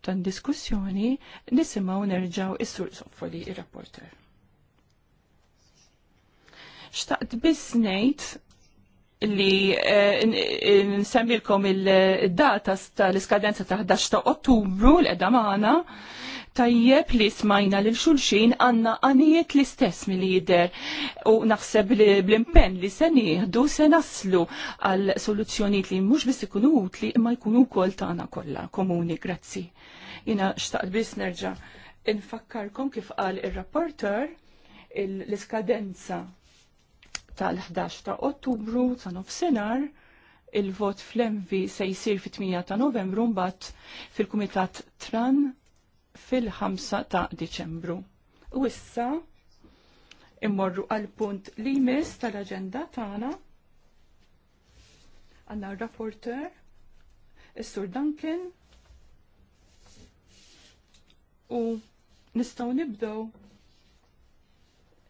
Speaker 4: tan diskussjoni nisimaw nerġaw is-sur il rapporter Xtaqt biss ngħid li eh, nsemmilkom il-data tal-iskadenza ta' 11 ta' ottubru l-edha maħna tajjeb li smajna lil xulxin għanna għanijiet l-istess mill jider u naħseb li bl-impen li se nieħdu se naslu għal soluzzjonijiet li mhux biss ikunu utli imma jkunu wkoll tagħna kollha komuni, grazzi. Jina xtaq biss nerġa' infakkarkom kif qal ir-rapporter l-iskadenza tal-11 ta' Ottubru ta' nofsinhar il-vot fl-envi se jisir fit-8 ta' novembru mbagħad fil-Kumitat Tran fil-5 ta' Diċembru. U issa immorru għal punt li jmiss tal-aġenda tagħna għandna rapporter is-Sur Duncan u nistgħu nibdew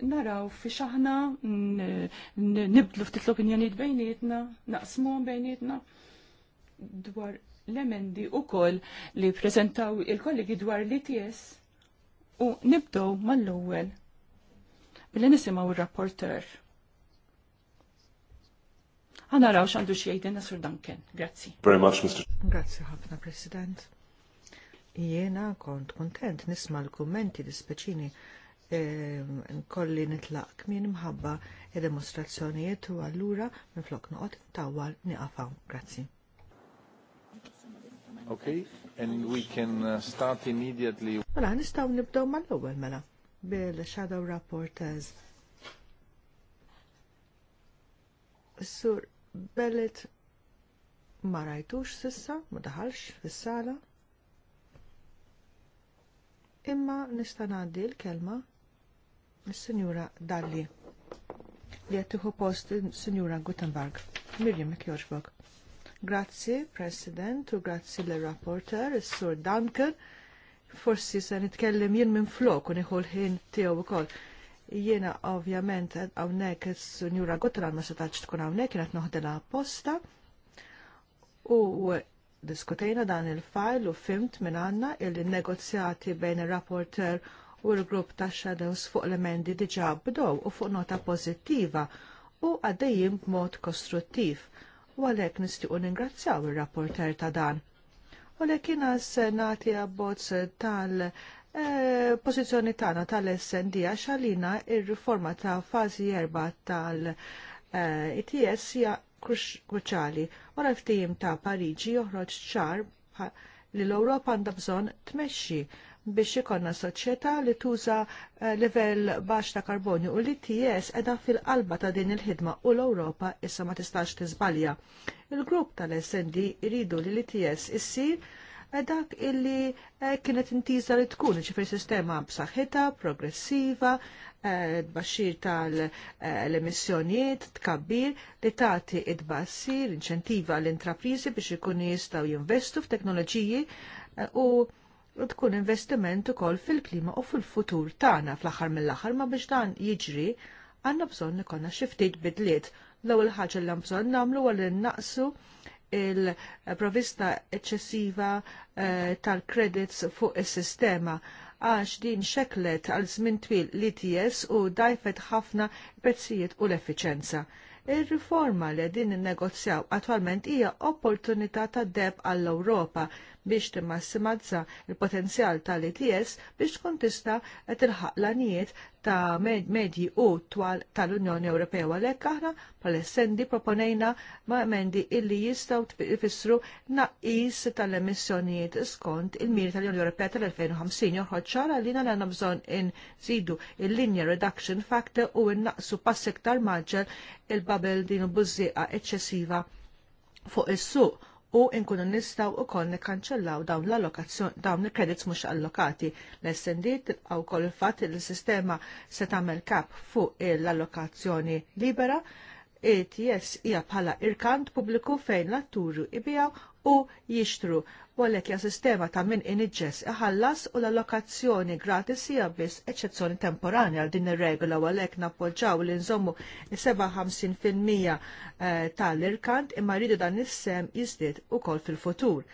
Speaker 4: naraw fi xaħna nibdlu ftit l-opinjoniet bejnietna, naqsmu bejnietna dwar l-emendi u koll li prezentaw il-kollegi dwar l-ITS u nibdow mal-ewwel billi nisimaw il-rapporter. Għana raw xandu xiejden Nasur Duncan. Grazzi. Very much, Mr. Grazzi ħafna, President.
Speaker 2: Jena kont kontent nisma l-kummenti li speċini Ehm, nkolli nitlaq min mħabba e demonstrazzjonijiet u allura minflok noqgħod tawwal niqafaw. Grazzi.
Speaker 1: Okay, and we can uh, start immediately.
Speaker 2: Mela, nistgħu nibdew mal-ewwel mela bil-shadow rapporters. Sur Bellet ma rajtux sissa, ma daħalx fis-sala. Imma nista' ngħaddi l-kelma Signora Dalli li għattiħu post Signora Gutenberg. Mirjam Ekjoġbog. Grazzi, President, u grazzi l-rapporter, Sur Duncan. Forsi se nitkellem jien minn flok u nieħu l-ħin tiegħu wkoll. Jiena ovvjament hawnhekk is-Sinjura Gutran ma setax tkun hawnhekk kienet noħdela apposta. U diskutejna dan il-fajl u fimt minn għandna il-negozjati bejn ir-rapporter il u l-grupp ta' Shadows fuq l-emendi diġà bdow u fuq nota pożittiva u għaddejjin b'mod kostruttiv u għalhekk nistiequ ningrazzjaw ir-rapporter ta' dan. U lekina s-senati għabbozz tal- E, eh, tana tagħna tal-SND għax għalina ir-riforma ta' fażi jerba tal-ITS eh, e, hija kruċali. l ftehim ta' Parigi joħroġ ċar li l-Ewropa għandha bżonn tmexxi biex ikonna soċjetà li tuża eh, livell baxx ta' karbonju u l TS edha fil-qalba ta' din il-ħidma u l-Ewropa issa ma tistax tiżbalja. Il-grupp tal-SND iridu li l-ITS issir eh, dak illi eh, kienet intiża li tkun ċifri sistema b'saħħitha, progressiva, baxxir tal-emissjonijiet, tkabbir li tagħti id-bassir, inċentiva l-intraprizi biex ikunu jistgħu jinvestu f'teknoloġiji u U tkun investiment ukoll fil-klima u fil-futur tagħna fl-aħħar mill-aħħar ma biex dan jiġri għandna bżonn ikollna xi ftit bidliet. L-ewwel ħaġa li bżonn nagħmlu li nnaqsu il-provista eċċessiva eh, tal-credits fuq is-sistema għax din xeklet għal żmien twil l-ITS u dajfet ħafna pezzijiet u l-effiċenza. Ir-riforma li din innegozjaw attwalment hija opportunità ta' deb għall-Ewropa biex timmassimazza il-potenzjal tal-ETS biex tkun tista tilħaq l-anijiet ta' medji u twal tal-Unjoni Ewropea għalhekk aħna bħal-essendi proponejna ma' emendi illi jistgħu jfissru naqis tal-emissjonijiet skont il-miri tal-Unjoni Ewropea tal-2050 joħroġ ċara li għandna bżonn inżidu il-linja reduction factor u innaqsu pass iktar maġġel il-babel din buzziqa eċċessiva fuq is-suq u nkunu nistaw u koll dawn l-allokazzjoni dawn il-kredits mhux allokati. L-SND tilqaw koll il-fatt li s sistema se tagħmel kap fuq l-allokazzjoni libera ETS hija bħala irkant pubbliku fejn l-atturu ibijaw u jixtru. Wallek ja sistema ta' min iniġess iħallas u l-allokazzjoni gratis hija biss eċċezzjoni temporanja għal din ir-regola għalhekk nappoġġaw li nżommu 57% eh, tal-irkant imma rridu dan is-sem jiżdied ukoll fil-futur.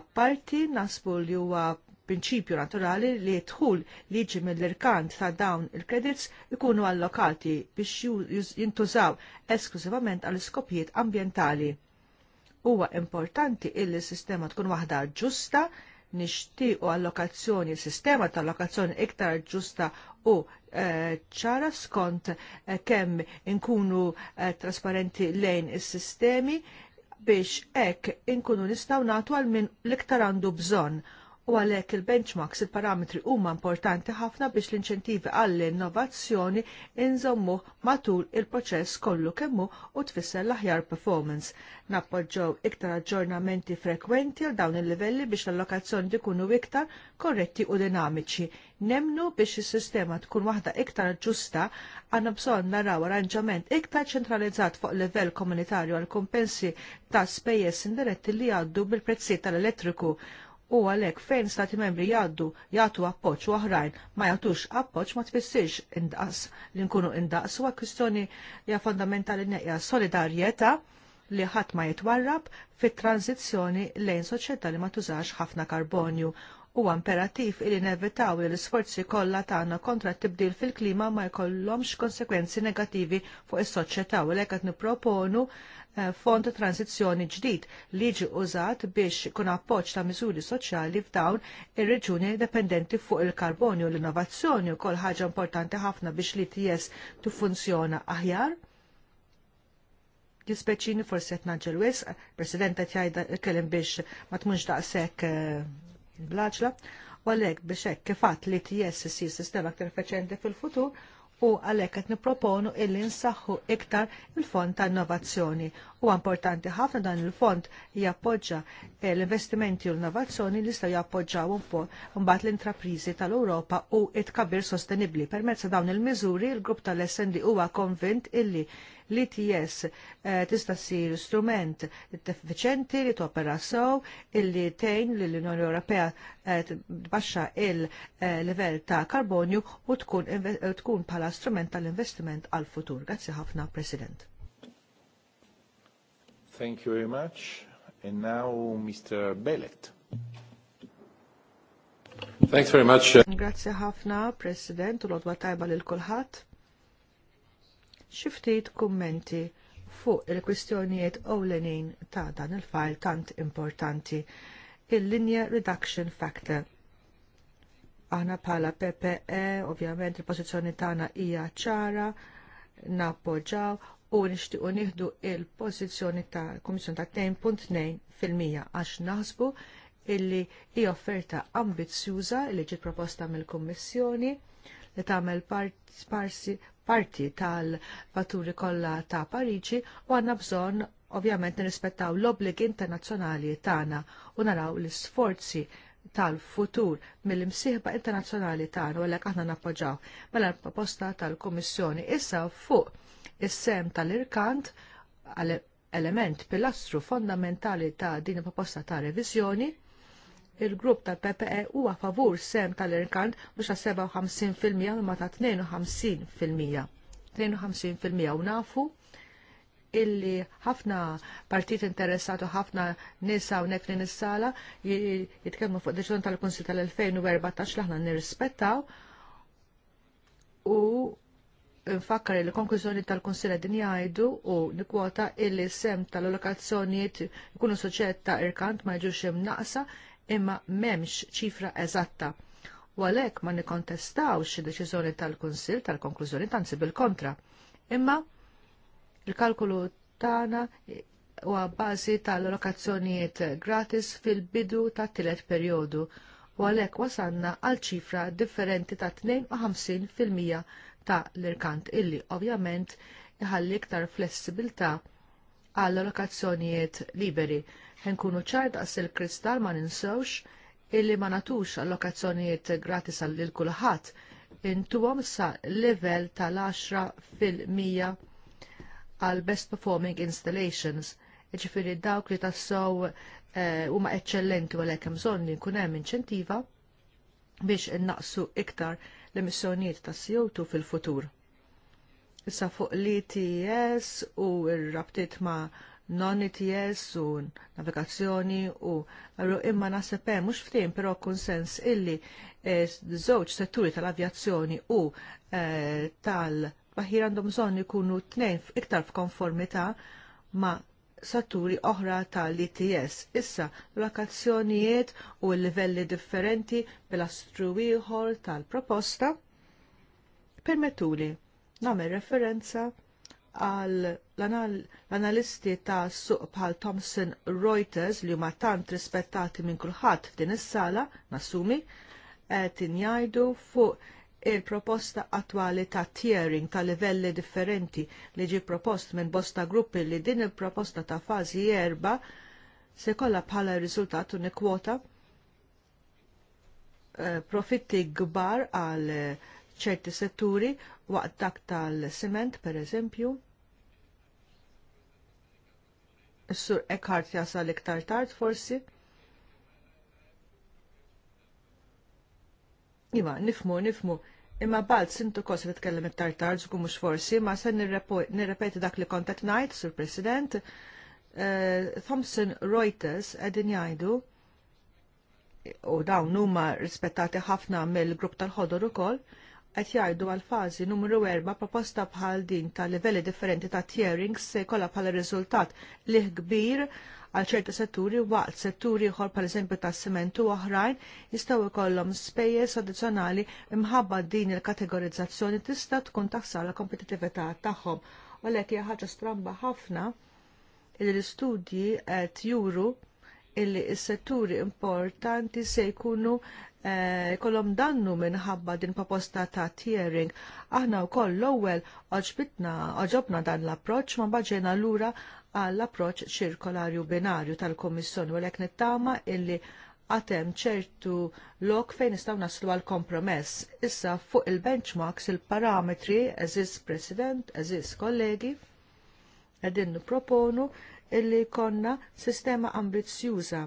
Speaker 2: Apparti nasbu li huwa prinċipju naturali li tħul li jiġi mill-irkant ta' dawn il-kredits ikunu allokati biex jintużaw esklusivament għall iskopijiet ambjentali. Huwa importanti illi s-sistema tkun waħda ġusta, nixtiequ allokazzjoni, sistema ta' allokazzjoni iktar ġusta u eh, ċara skont eh, kemm inkunu eh, trasparenti lejn is-sistemi biex hekk inkunu nistgħu nagħtu għal min l-iktar għandu bżonn u għalhekk il-benchmarks il-parametri huma importanti ħafna biex l-inċentivi għall-innovazzjoni inżommu matul il-proċess kollu kemmu u tfisser l-aħjar performance. Nappoġġew iktar aġġornamenti frekwenti għal dawn il-livelli biex l-allokazzjoni ikunu iktar korretti u dinamiċi. Nemnu biex is-sistema tkun waħda iktar ġusta għandna bżonn naraw arranġament iktar ċentralizzat fuq livell komunitarju għal kompensi ta' spejjeż indiretti li għaddu bil-prezzi tal-elettriku u għalhekk fejn stati membri jgħaddu jagħtu appoġġ u oħrajn ma jagħtux appoġġ ma tfissirx indaqs li nkunu indaqs u kwistjoni hija fondamentali neqja solidarjetà li ħadd ma jitwarrab fit-tranzizzjoni lejn soċjetà li ma tużax ħafna karbonju huwa imperattiv li nevitaw li l-isforzi kollha tagħna kontra t-tibdil fil-klima ma jkollhomx konsekwenzi negattivi fuq is-soċjetà u lek qed nipproponu eh, fond ta' transizzjoni ġdid li jiġi użat biex kun appoġġ ta' miżuri soċjali f'dawn ir-reġuni dependenti fuq il-karbonju u l-innovazzjoni wkoll ħaġa importanti ħafna biex li TS tiffunzjona aħjar. Jispeċini forsi qed naġġel wisq, President qed jgħidha kellim biex ma tmunx daqshekk eh, blaġla u għalhekk biex hekk kif kifat li TS issir sistema aktar effiċjenti fil-futur u għalhekk qed nipproponu illi nsaħħu iktar il-fond ta' innovazzjoni. U importanti ħafna dan il-fond jappoġġa l-investimenti u l-innovazzjoni li jistgħu jappoġġaw mbagħad l-intrapriżi tal-Ewropa u t kabir sostenibbli. Permezz dawn il-miżuri, il-grupp tal-SND huwa konvint illi l-ITS eh, tista' ssir strument effiċenti li topera sew illi tgħin li l-Unjoni Ewropea eh, tbaxxa il-livell eh, ta' karbonju u tkun bħala strument tal-investiment għal futur. Grazzi ħafna, President.
Speaker 1: Thank you very much. And now Mr. Bellet. Thanks very much. Uh
Speaker 2: Grazie ħafna, President, u l-odwa tajba lil kulħadd xi ftit kummenti fuq il-kwistjonijiet ewlenin ta' dan il file tant importanti il-linja reduction factor. Aħna bħala PPE, ovvjament il-pożizzjoni tagħna hija ċara, nappoġġaw u nixtiequ nieħdu il-pożizzjoni ta' Kummissjoni ta' 2.2 fil-mija għax naħsbu illi hija offerta ambizzjuża li ġiet proposta mill-Kummissjoni li tagħmel parti tal-vaturi kollha ta' Pariġi u għandna bżonn ovvjament nirrispettaw l-obbligi internazzjonali tagħna u naraw l-isforzi tal-futur mill-imsieħba internazzjonali tagħna u għalhekk aħna nappoġġaw mela l-proposta tal-Kummissjoni issa fuq is-sem tal-irkant għal element pilastru fondamentali ta' din il proposta ta' reviżjoni il-grupp tal-PPE huwa favur sem tal-irkant mhux għas 57% imma ta' 52%. 52% u nafu illi ħafna partit interessatu ħafna nisa u nekni nissala jitkellmu fuq deċizjoni tal-Kunsil tal-2014 li aħna nirrispettaw u nfakkar li konklużjoni tal-Kunsil din jgħidu u nikwota illi sem tal-allokazzjonijiet ikunu ta' irkant ma jġux imnaqsa imma m'hemmx ċifra eżatta. U għalhekk ma nikkontestawx id-deċiżjoni tal kunsil tal-konklużjoni tanzi bil-kontra. Imma il-kalkulu tagħna huwa bażi tal-lokazzjonijiet gratis fil-bidu tat-tielet perjodu u għalhekk wasanna għal ċifra differenti ta' 52% ta' l-irkant illi ovvjament jħalli iktar flessibilità għall allokazzjonijiet liberi ħenkunu għas il-kristall ma ninsewx illi ma natux allokazzjonijiet gratis għall kulħadd intuhom sa level tal-10 fil-100 għal best performing installations, ġifiri dawk li tassow eh, huma e, eċċellenti u għalek bżonn li nkun hemm inċentiva biex innaqsu iktar l-emissjonijiet ta' CO2 fil-futur. Issa fuq l-ETS u r-rabtiet ma' non ITS u navigazzjoni u imma nasib hemm mhux ftehim però konsens illi eh, żewġ setturi tal-avjazzjoni u eh, tal bahir għandhom bżonn ikunu tnejn iktar f'konformità ma' satturi oħra tal-ITS. Issa, lokazzjonijiet u l-livelli differenti bil-astru ieħor tal-proposta permettuli nagħmel referenza għal l-analisti ta' suq bħal Thomson Reuters li huma tant rispettati minn kulħadd f'din is-sala, nassumi, qed jgħidu fuq il-proposta attwali ta' tiering ta' livelli differenti li ġie propost minn bosta gruppi li din il-proposta ta' fażi erba se kollha bħala riżultat kwota eh, profitti kbar għal ċerti setturi waqt dak tal-siment, pereżempju Sur Eckhart jasal iktar tard forsi. Iva, nifmu, nifmu. Imma balt sintu kos li tkellem iktar tard żgur mhux forsi, ma se nirrepeti dak li kont qed ngħid, Sur President. Uh, Thomson Reuters qegħdin jgħidu u dawn huma rispettati ħafna mill-grupp tal-ħodor ukoll qed jgħidu għal fażi numru 4 proposta bħal din ta' livelli differenti ta' tierings se jkollha bħala riżultat li kbir għal ċerti setturi waqt setturi ieħor eżempju tas simentu oħrajn jistgħu jkollhom spejjeż addizzjonali imħabba din il-kategorizzazzjoni tista' tkun taħsar la kompetitività tagħhom. Għalhekk hija ħaġa stramba ħafna il-istudji qed juru illi s-setturi importanti se jkunu eh, kolom dannu minħabba din proposta ta' tiering. Aħna wkoll l-ewwel oġbitna oġobna dan l-approċċ ma baġena lura għall approċċ ċirkolarju binarju tal kummissjoni u lek nittama illi għatem ċertu lok fejn nistgħu naslu għal kompromess. Issa fuq il-benchmarks il-parametri, eżis president, eżis kollegi, qegħdin proponu illi konna sistema ambizjuża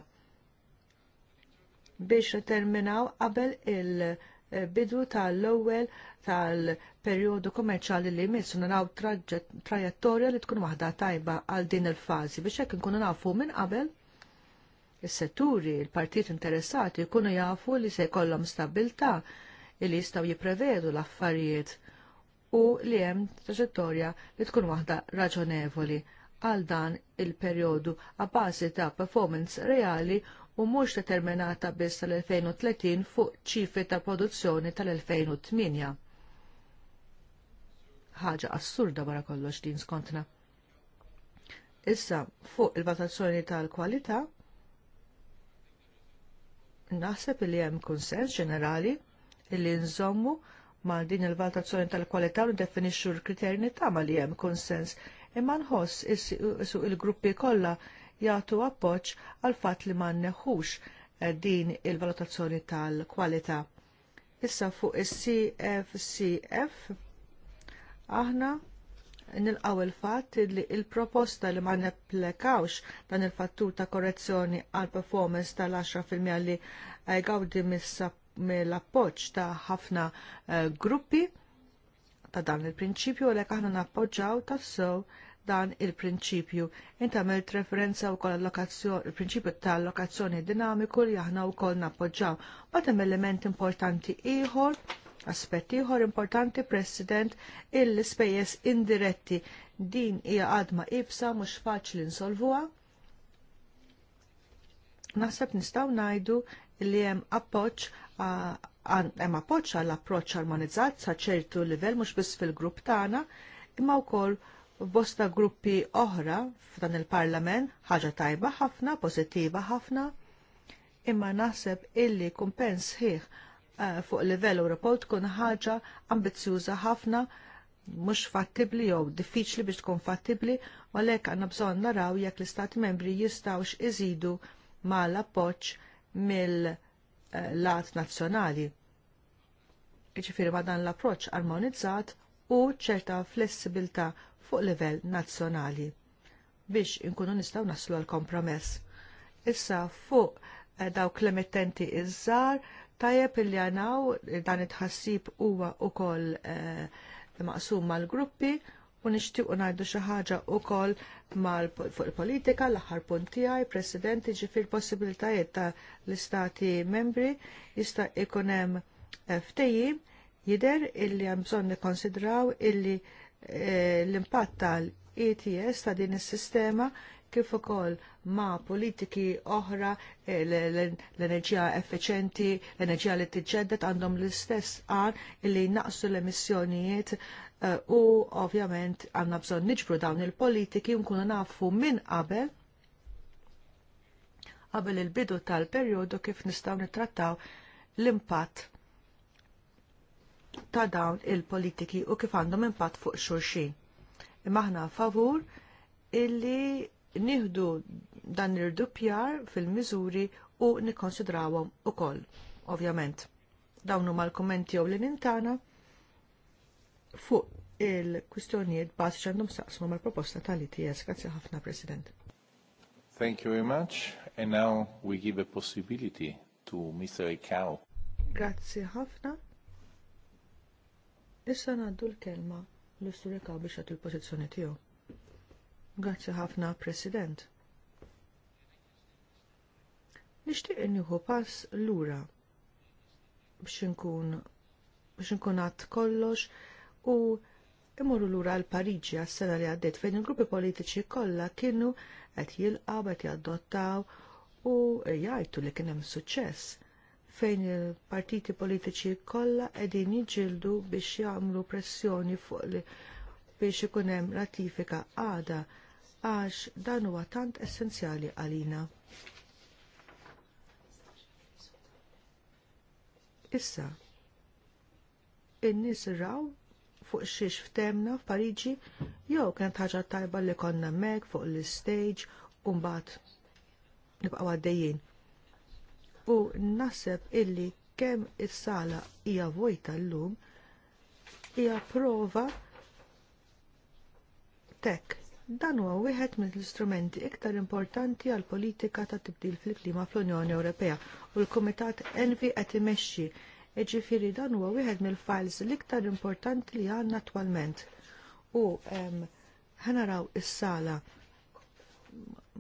Speaker 2: biex terminaw qabel il-bidu tal-ewwel tal-perjodu kummerċjali li jmiss naraw trajettorja li tkun waħda tajba għal din il-fażi biex hekk inkunu nafu minn qabel is-setturi, il-partit interessati jkunu jafu li se jkollhom stabilità li jistgħu jipprevedu l-affarijiet u li hemm traġettorja li tkun waħda raġonevoli għal dan il-perjodu għabbażi ta' performance reali u mhux determinata biss tal-2030 fuq ċifri ta' produzzjoni tal-2008. Ħaġa assurda wara kollox din skontna. Issa, fuq il-valutazzjoni tal-kwalità, naħseb li hemm konsens ġenerali li nżommu ma' din il-valutazzjoni tal-kwalità u ndefinixxu l-kriterji ta' li hemm konsens imma nħoss is-suq il-gruppi kollha jagħtu appoġġ għal fatt li ma nneħħux eh, din il-valutazzjoni tal-kwalità. Issa fuq is-CFCF aħna nilqaw il-fatt li l proposta li ma neplekawx dan il-fattur ta' korrezzjoni għall performance tal-10% li eh, għawdi mill-appoġġ ta' ħafna eh, gruppi ta' dan il-prinċipju għalhekk aħna nappoġġaw tassew dan il-prinċipju. Inta għamilt referenza wkoll il-prinċipju ta' allokazzjoni dinamiku li aħna wkoll nappoġġaw. Bat hemm element importanti ieħor, aspett ieħor importanti President il-ispejjeż indiretti. Din hija għadma ibsa mhux faċli nsolvuha. Naħseb nistgħu ngħidu li hemm appoġġ hemm appoġġ l approċċ armonizzat sa ċertu livell mhux biss fil-grupp tagħna, imma wkoll bosta gruppi oħra f'dan il-Parlament ħaġa tajba ħafna, pożittiva ħafna, imma naħseb illi kumpens ħieħ eh, fuq livell Ewropew tkun ħaġa ambizzjuża ħafna mhux fattibbli jew diffiċli biex tkun fattibbli u għalhekk għandna bżonn naraw jekk l-Istati Membri jistgħux iżidu mal appoġġ mill- lat nazzjonali. Iġifieri ma' dan l-approċċ armonizzat u ċerta flessibilità fuq livell nazzjonali biex inkunu nistgħu naslu għal kompromess. Issa fuq eh, dawk l-emittenti iż-żar tajjeb li għanaw dan it-ħassib huwa ukoll e, maqsum mal-gruppi u nixtiequ ngħidu xi ħaġa wkoll mal fuq il-politika l-aħħar punt tiegħi President ġifir possibilitajiet ta' l-istati membri jista' ikun hemm eh, ftehim jidher illi hemm bżonn nikkonsidraw illi eh, l-impatt tal-ETS ta' din is-sistema kif ukoll ma' politiki oħra eh, l-enerġija effiċenti, l-enerġija li tiġġedded għandhom l-istess għan illi naqsu l-emissjonijiet Eh, u ovvjament għanna bżon niġbru dawn il-politiki nkunu nafu minn qabel qabel il-bidu tal-perjodu kif nistgħu nittrattaw l-impatt ta' dawn il-politiki u kif għandhom impatt fuq xulxin. Imma aħna favur illi nieħdu dan ir-dupjar fil-miżuri u nikkonsidrawhom ukoll, ovvjament. Dawn huma l-kummenti jew l-nintana fuq il-kwistjonijiet bażi ċandum saqsmu mal-proposta tal-ITS. Grazzi ħafna, President.
Speaker 1: Thank you very much. And now we give a possibility to Mr. Ekao.
Speaker 2: Grazzi ħafna. Issa naddu l-kelma l-istur Icao biex għatu il pozizjoni tiegħu. Grazzi ħafna, President. Nixtieq inniħu pass lura biex nkun biex nkun għat kollox u imorru lura għal Pariġi għas-sena li għaddiet fejn il-gruppi politiċi kollha kienu qed jilqgħu qed jaddottaw u jgħidu li kien hemm suċċess fejn il-partiti politiċi kollha qegħdin jiġġieldu biex jagħmlu pressjoni fuq biex ikun hemm ratifika għada għax dan huwa tant essenzjali għalina. Issa, in-nies raw fuq xiex ftemna f'Pariġi, jew kienet ħaġa tajba li konna mek fuq l-stage u mbagħad nibqgħu għaddejjin. U naħseb illi kemm is-sala hija vojta llum hija prova tek. Dan huwa wieħed mill-istrumenti iktar importanti għall politika ta' tibdil fil-klima fl-Unjoni Ewropea u l-Kumitat Envi qed imexxi Eġifiri dan huwa wieħed mill-files l-iktar importanti li għandna attwalment. U ħanaraw is-sala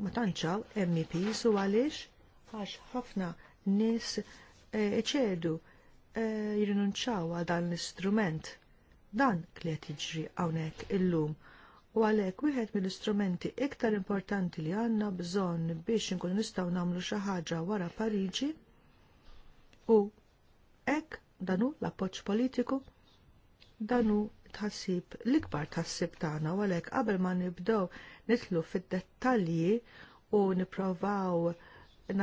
Speaker 2: ma tantxaw MEPs u għaliex għax ħafna nies eh, iċedu eh, jirinunċaw għal dan l-istrument. Dan kliet jiġri hawnhekk illum u għalhekk wieħed mill-istrumenti iktar importanti li għandna bżonn biex inkunu nistgħu nagħmlu xi ħaġa wara Pariġi u Ek danu l-appoċ politiku, danu tħassib l-ikbar tħassib tagħna u għalhekk qabel ma nibdew nitlu fid-dettalji u nipprovaw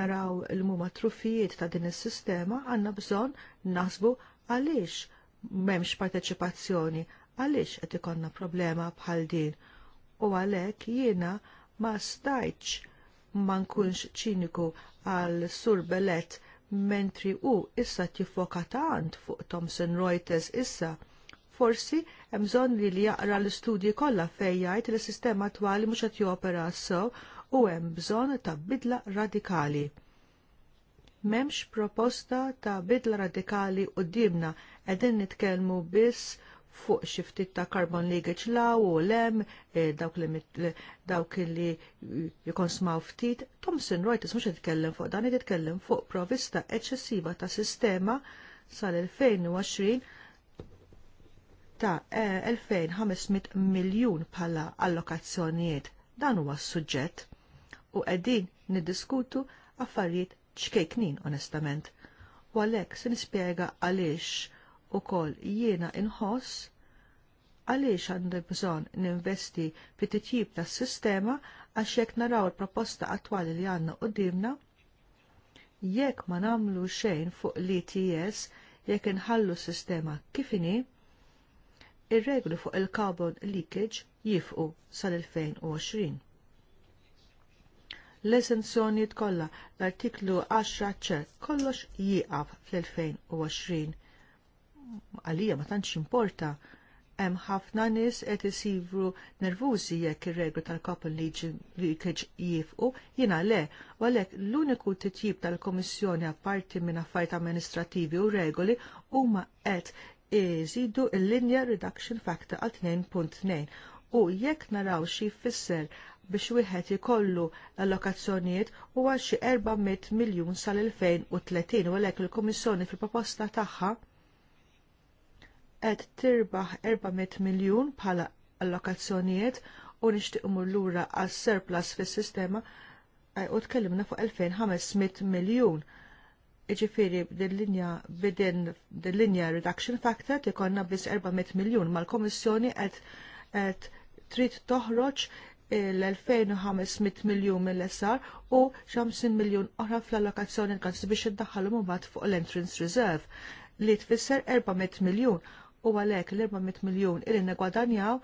Speaker 2: naraw l-muma truffijiet ta' din is-sistema għandna bżonn nasbu għaliex m'hemmx parteċipazzjoni, għaliex qed ikonna problema bħal din. U għalhekk jiena ma stajtx ma nkunx ċiniku għal sur belet mentri u issa tifoka tant fuq Thomson Reuters issa forsi hemm bżonn li li jaqra l-istudji kollha fejn jgħid li s-sistema twali mhux qed jopera so u hemm bżonn ta' bidla radikali. M'hemmx proposta ta' bidla radikali dimna, qegħdin nitkellmu biss fuq xi ftit ta' carbon leakage law u lem e, dawk li dawk li jikonsmaw ftit. Thomson Reuters mhux jitkellem fuq dan, jitkellem fuq provista eċessiva ta' sistema sal-2020 ta' 2500 e, miljun bħala allokazzjonijiet. Dan huwa s-suġġett u qegħdin niddiskutu affarijiet ċkejknin onestament. U għalhekk se nispjega għaliex ukoll jiena inħoss għaliex għandu bżonn ninvesti fit titjib tas sistema għax jekk naraw il-proposta attwali li għandna dimna, jekk ma nagħmlu xejn fuq l-ETS jekk inħallu s-sistema kif inhi, ir reglu fuq il-carbon leakage jifqu sal-2020. L-esenzjonijiet kollha l-artiklu 10 ċer kollox jieqaf fl-2020 għalija ma tantx importa hemm ħafna nies qed isivru nervużi jekk ir-regru tal-couple leakage jiefqu, jiena le, u għalhekk l-uniku titjib tal-Komissjoni apparti minn affarijiet amministrativi u regoli huma qed iżidu l-linja reduction factor għal 2.2 u jekk naraw xi jfisser biex wieħed ikollu allokazzjonijiet huwa xi 400 miljun sal-2030 u għalhekk il-Kummissjoni fil-proposta tagħha qed tirbaħ 400 miljun bħala allokazzjonijiet u nixtieq imur lura għas surplus fis-sistema eh, u tkellimna fuq 2500 miljun. Iġifieri b'dil-linja bidin din-linja reduction factor li konna biss 400 miljun mal-Komissjoni qed trid toħroġ l-2500 miljon mill-SR u 50 miljon oħra fl-allokazzjoni l-kansi biex id fuq l-entrance reserve li tfisser 400 miljon u għalhekk l-400 miljun il negwadanjaw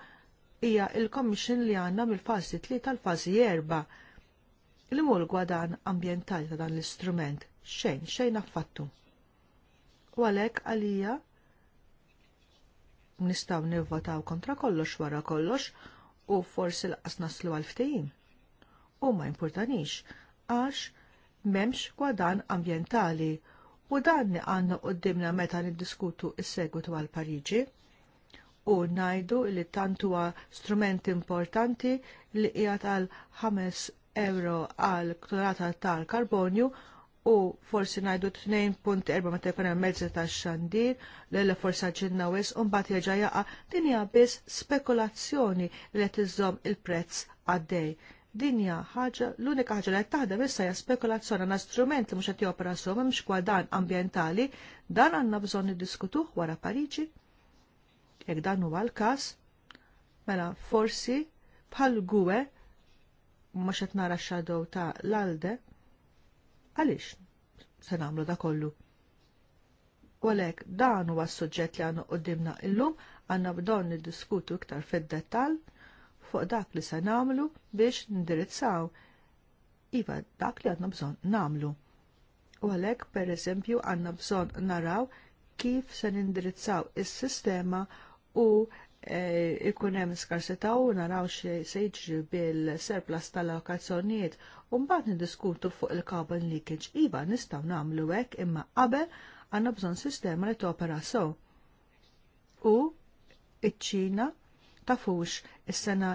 Speaker 2: hija il-commission li għandna mill-fażi 3 tal-fażi 4 l mu l-gwadan ambientali ta' dan l-istrument xejn xejn affattu. U għalhekk għalija nistgħu nivvotaw kontra kollox wara kollox u forsi laqas naslu għal ftehim. U ma importanix għax memx gwadan ambientali U dan għanna qoddimna meta niddiskutu is-segwitu għal Pariġi u najdu li tant huwa strument importanti li qiegħed għal 5 euro għal klorata tal-karbonju u forsi najdu 2.4 meta jkun hemm mezzi tax-xandir l forsi ġinna wis u mbagħad jerġa' jaqa' din hija biss spekulazzjoni li qed iżżomm il-prezz għaddej dinja ħaġa, l-unika ħaġa li qed taħdem issa hija spekulazzjoni għandna strument li mhux qed jopera sew kwa dan ambjentali, dan għandna bżonn niddiskutuh wara Pariġi. Jekk dan huwa l-każ, mela forsi bħal gwe mhux qed nara x xadow ta' l-alde, għaliex se nagħmlu da kollu. U għalhekk dan huwa s-suġġett li għandna qudiemna illum għandna bżonn niddiskutu iktar fid-dettall fuq dak li se nagħmlu biex nindirizzaw iva dak li għandna bżonn nagħmlu. U għalhekk pereżempju għandna bżonn naraw kif se nindirizzaw is-sistema u e, ikun hemm skarsità u naraw xi se jiġri bil serplas tal-lokazzjonijiet u mbagħad niddiskutu fuq il-carbon leakage. Iva nistgħu nagħmlu hekk imma qabel għandna bżonn sistema li topera sew. U iċ-Ċina tafux is-sena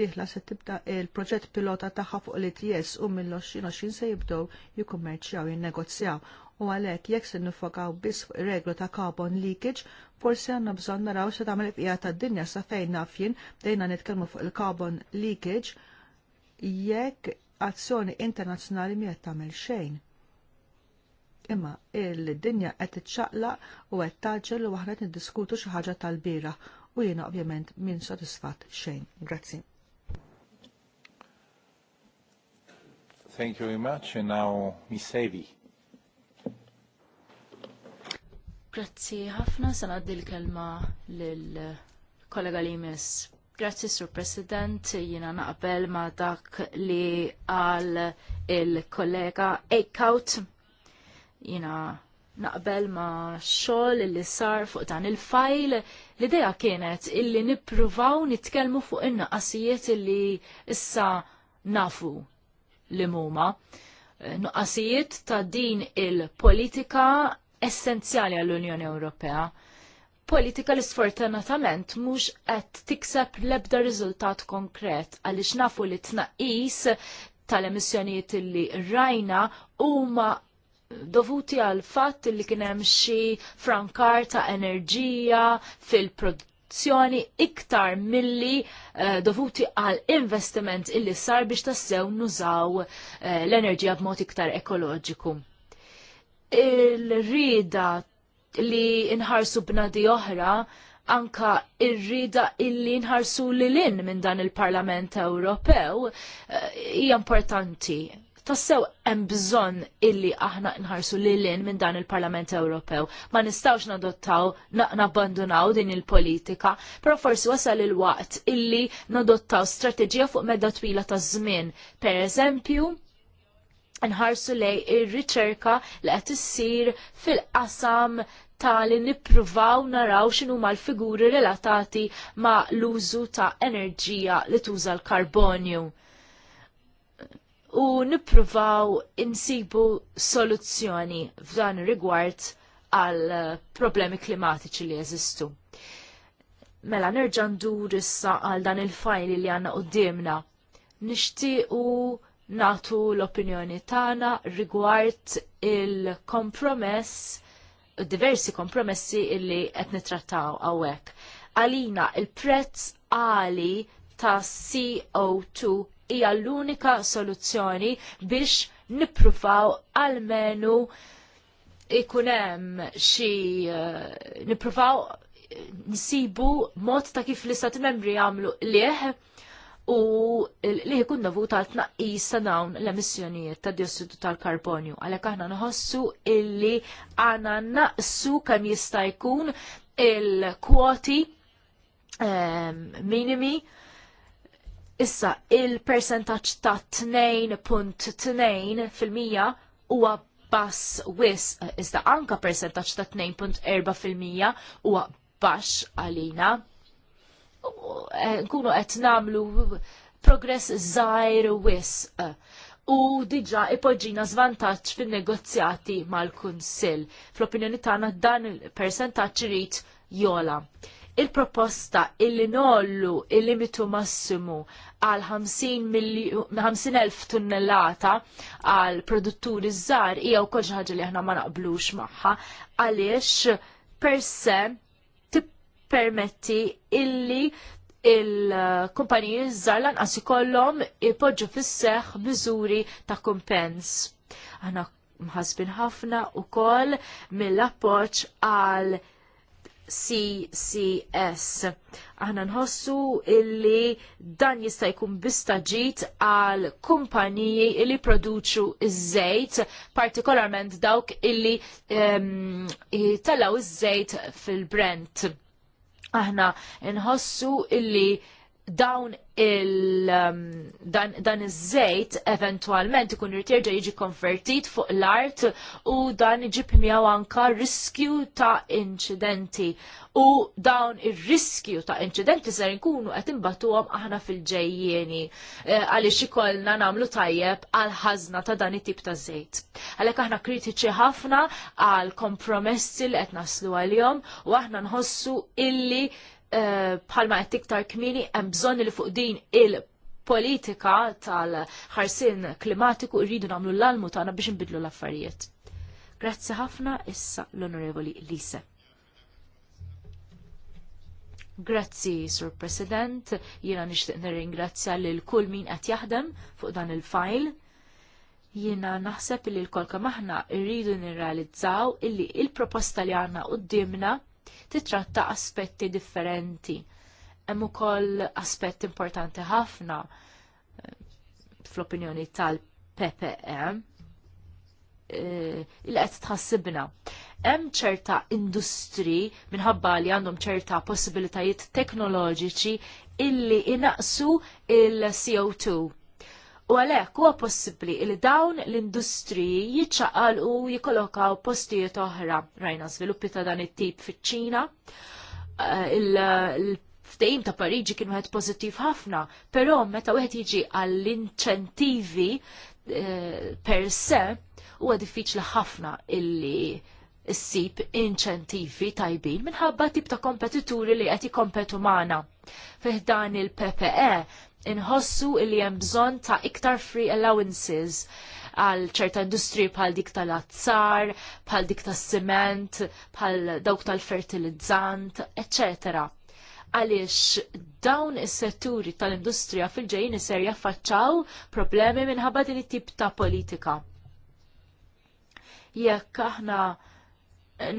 Speaker 2: diħla se tibda il-proġett pilota tagħha fuq l-ITS u mill-20 se jibdew jikkummerċjaw jinnegozjaw u għalhekk jekk se nifokaw biss fuq ir-reglu ta' carbon leakage, forsi għandna bżonn naraw se tagħmel fija tad-dinja sa fejn naf jien bdejna nitkellmu fuq il-carbon leakage jekk azzjoni internazzjonali mi qed tagħmel xejn imma il-dinja qed tiċċaqlaq u qed taġġel u aħna niddiskutu xi ħaġa tal-bira u jiena ovvjament minn sodisfat xejn. Grazzi.
Speaker 1: Thank you very much and now Miss Evi.
Speaker 3: Grazzi ħafna se ngħaddi l-kelma lil kollega li jmiss. Grazzi Sur President, jiena naqbel ma dak li għal il-kollega Eichhout. Jiena naqbel ma xogħol li sar fuq dan il-fajl. L-idea kienet illi nippruvaw nitkellmu fuq in-naqasijiet illi issa nafu li huma. Eh, nuqqasijiet ta' din il-politika essenzjali għall-Unjoni Ewropea. Politika li sfortunatament mhux qed tikseb l-ebda riżultat konkret għaliex nafu li tnaqqis tal-emissjonijiet li rajna huma dovuti għal fatt li kien hemm xi frankar ta' enerġija fil-produzzjoni iktar milli eh, dovuti għal investiment illi sar biex tassew nużaw eh, l-enerġija b'mod iktar ekoloġiku. Il-rida li inħarsu b'nadi oħra anka irrida illi nħarsu li lin minn dan il-Parlament Ewropew eh, hija importanti tassew hemm bżonn illi aħna nħarsu lilin minn dan il-Parlament Ewropew. Ma nistawx nadottaw, nabbandunaw din il-politika, però forsi wasal il-waqt illi nadottaw strateġija fuq medda twila ta' żmien. Per eżempju, nħarsu lej ir-riċerka li qed issir fil-qasam tali nippruvaw naraw xinu ma l-figuri relatati ma l-użu ta' enerġija li tuża l-karbonju u nippruvaw insibu soluzzjoni f'dan rigward għal eh, problemi klimatiċi li jeżistu. Mela nerġa' ndur issa għal dan il-fajli li għandna qudiemna. Nixtiequ natu l-opinjoni tagħna rigward il-kompromess diversi kompromessi illi qed nitrattaw hawnhekk. Għalina il-prezz għali ta' CO2 hija l-unika soluzzjoni biex nippruvaw għalmenu ikun hemm xi eh, nippruvaw nsibu mod ta' kif l-istati membri jagħmlu liħ u li jkun navu tal-tnaqqis ta' dawn l-emissjonijiet ta' diossidu tal-karbonju. Għalhekk aħna nħossu illi għana naqsu kemm jista' jkun il-kwoti eh, minimi Issa, il-percentaċ ta' 2.2 fil-mija huwa bass wis, iżda anka percentaċ ta' 2.4 fil-mija huwa baxx għalina. Eh, nkunu qed namlu progress żgħir wis u diġa ipoġġina zvantaġġ fin-negozjati mal-Kunsill. Fl-opinjoni tagħna dan il-persentaġġ irid jola il-proposta illi nollu il-limitu massimu għal 50.000 tunnellata għal produtturi żgħar hija wkoll xi ħaġa li aħna ma naqblux magħha għaliex per se tippermetti illi il-kumpaniji żgħar lanqas ikollhom ipoġġu fis-seħħ miżuri ta' kumpens. Aħna mħasbin ħafna u koll mill-appoċ għal CCS. Aħna nħossu illi dan jista' jkun bistaġit għal kumpaniji illi produċu iż-żejt, partikolarment dawk illi um, ehm, tellaw iż-żejt fil-Brent. Aħna nħossu illi dawn il um, dan, dan iż-żejt eventwalment ikun irtierġa jiġi konvertit fuq l-art u dan iġib miegħu anka riskju ta' inċidenti. U dawn ir-riskju ta' inċidenti ser inkunu qed imbatuhom aħna fil-ġejjieni e, għaliex ikollna nagħmlu tajjeb għal ħażna ta' dan it-tip ta' żejt. Għalhekk aħna kritiċi ħafna għal kompromessi li qed naslu għalihom u aħna nħossu illi Eh, bħalma qed iktar kmini hemm bżonn li fuq din il-politika tal-ħarsin klimatiku rridu nagħmlu l-almu tagħna biex nbidlu l-affarijiet. Grazzi ħafna issa l-Onorevoli Lise. Grazzi, Sur President, jiena nixtieq nirringrazzja lil kull min qed jaħdem fuq dan il-fajl. Jiena naħseb li l-kolka maħna rridu nirrealizzaw illi il-proposta li għandna qudiemna titratta aspetti differenti. Hemm ukoll aspett importanti ħafna eh, fl-opinjoni tal-PPE eh, il qed tħassibna. Hemm ċerta industri minħabba li għandhom ċerta possibilitajiet teknoloġiċi illi inaqsu il-CO2 U għalhekk huwa possibbli li dawn l-industriji jiċċaqal u jikolokaw postijiet oħra rajna żviluppi ta' dan it-tip fiċ-Ċina. Eh, il ta' Pariġi kien wieħed pożittiv ħafna, però meta wieħed jiġi għall-inċentivi eh, per se huwa diffiċli ħafna illi issib inċentivi tajbin minħabba tip ta' kompetituri li qed jikompetu magħna. Fih dan il-PPE inħossu li hemm bżonn ta' iktar free allowances għal ċerta industri bħal dik tal-azzar, bħal dik tas-siment, bħal dawk tal-fertilizzant, etc. Għaliex dawn is-setturi tal-industrija fil-ġejjin iser jaffaċċaw problemi minħabba din it-tip ta' politika. Jekk aħna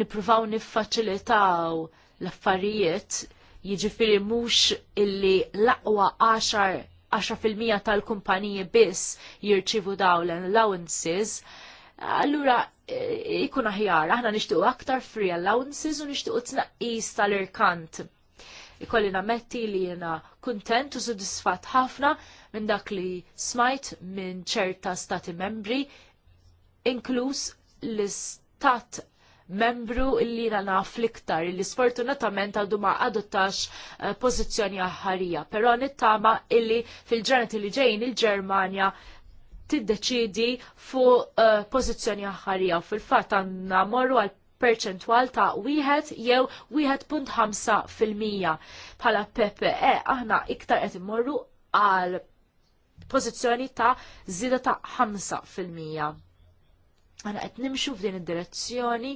Speaker 3: nippruvaw niffaċilitaw l-affarijiet jiġifieri mhux illi l-aqwa 10 tal-kumpaniji biss jirċivu dawn allowances, allura e, ikun aħjar, aħna nixtiequ aktar free allowances u nixtiequ tnaqqis tal-irkant. Ikolli nammetti li jena kuntent u sodisfatt ħafna minn dak li smajt minn ċerta stati membri, inkluż l-istat membru li rana fliktar li illi sfortunatament għadu ma adottax eh, pozizjoni aħħarija. Pero nittama illi fil-ġranet li ġejn il-Ġermanja tiddeċidi fu eh, pozizjoni aħħarija. Fil-fat għanna morru għal perċentwal ta' wieħed jew wieħed punt ħamsa fil-mija. Bħala PPE aħna iktar qed immorru għal pożizzjoni ta' zida ta' 5%. Għana qed nimxu f'din id-direzzjoni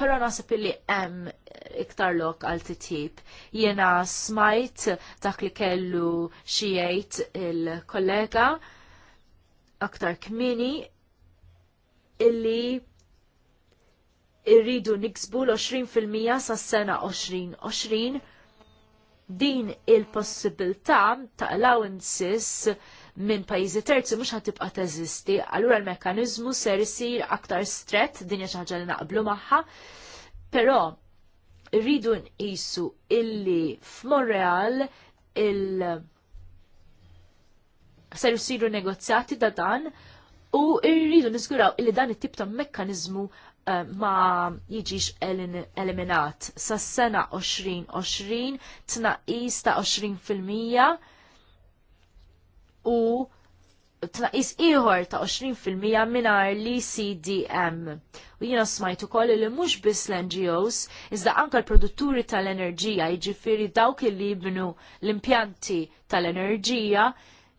Speaker 3: pero nasib li hemm iktar lok għal titjib. Jena smajt dak li kellu xijajt il-kollega aktar kmini illi irridu niksbu l-20% sa sena 2020 din il-possibilità ta' allowances minn pajjiżi terzi mhux ħatibqa tibqa' teżisti, allura l-mekkaniżmu ser isir aktar strett dinja xi ħaġa li naqblu magħha, però rridu nqisu illi f'Monreal il ser isiru negozjati da dan u rridu niżguraw illi dan it-tip ta' mekkaniżmu eh, ma jiġix eliminat. Sa' sena 2020 tnaqis ta' 20 fil-mija u tnaqis ieħor ta' 20% minar li CDM. U jiena smajtu koll li mhux biss l-NGOs, iżda anka l-produtturi tal-enerġija, jiġifieri dawk li jibnu l-impjanti tal-enerġija,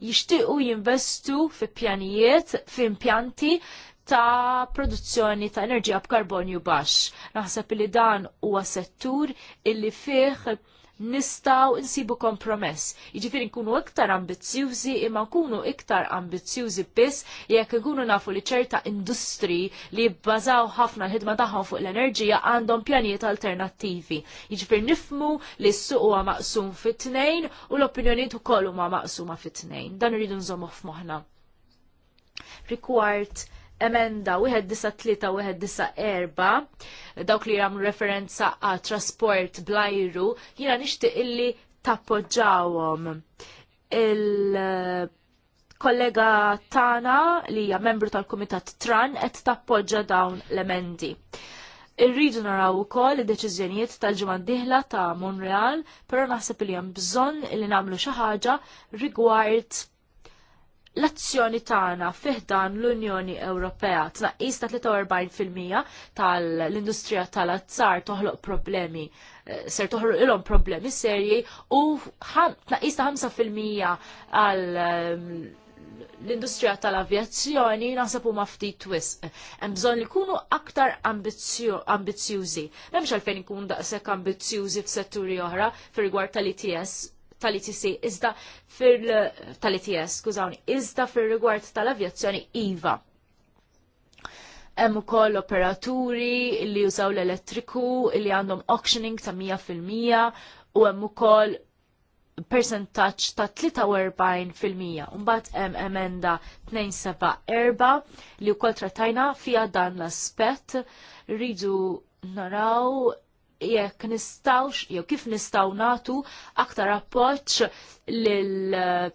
Speaker 3: jixtiequ jinvestu fi pjanijiet, fi impjanti ta' produzzjoni ta' enerġija b'karbonju baxx. Naħseb li dan huwa settur illi fih nistaw insibu kompromess. Jiġifieri nkunu iktar ambizzjużi imma nkunu iktar ambizzjużi biss jekk ikunu nafu li ċerta industri li bbażaw ħafna l-ħidma tagħhom fuq l-enerġija għandhom pjanijiet alternattivi. Jiġifieri nifmu li s-suq huwa maqsum fit-tnejn u l-opinjonijiet ukoll huma maqsuma fit-tnejn. Dan irridu nżommu f'moħħna. Rikward emenda 193 u dawk li jam referenza għal trasport blajru jina nixtieq illi tappoġġawhom. Il-kollega tana li hija membru tal-Kumitat Tran qed tappoġġa dawn l-emendi. Irridu naraw ukoll id-deċiżjonijiet tal-ġimgħa diħla ta' Monreal, però naħseb li hemm bżonn li nagħmlu xi ħaġa rigward l-azzjoni tagħna fih dan l-Unjoni Ewropea tnaqqis ta' 43% tal-industrija tal-azzar toħloq problemi eh, ser toħroq ilhom problemi serji u tnaqqis ta' 5% għal ehm, l-industrija tal-avjazzjoni naħseb huma ftit twisq. Hemm bżonn li jkunu aktar ambizzjużi. M'hemmx għalfejn ikun daqshekk ambizzjużi f'setturi oħra fir-rigward tal-ITS tal-ITC, iżda fil tal-ITS, skużawni, iżda fil-rigward tal-avjazzjoni IVA. Hemm ukoll operaturi li jużaw l-elettriku li għandhom auctioning ta' 100% u hemm ukoll percentaġġ ta' 43%. Mbagħad hemm emenda 274 li wkoll trattajna fiha dan l-aspett rridu naraw jekk nistawx, jew kif nistaw natu aktar appoċ lil-settur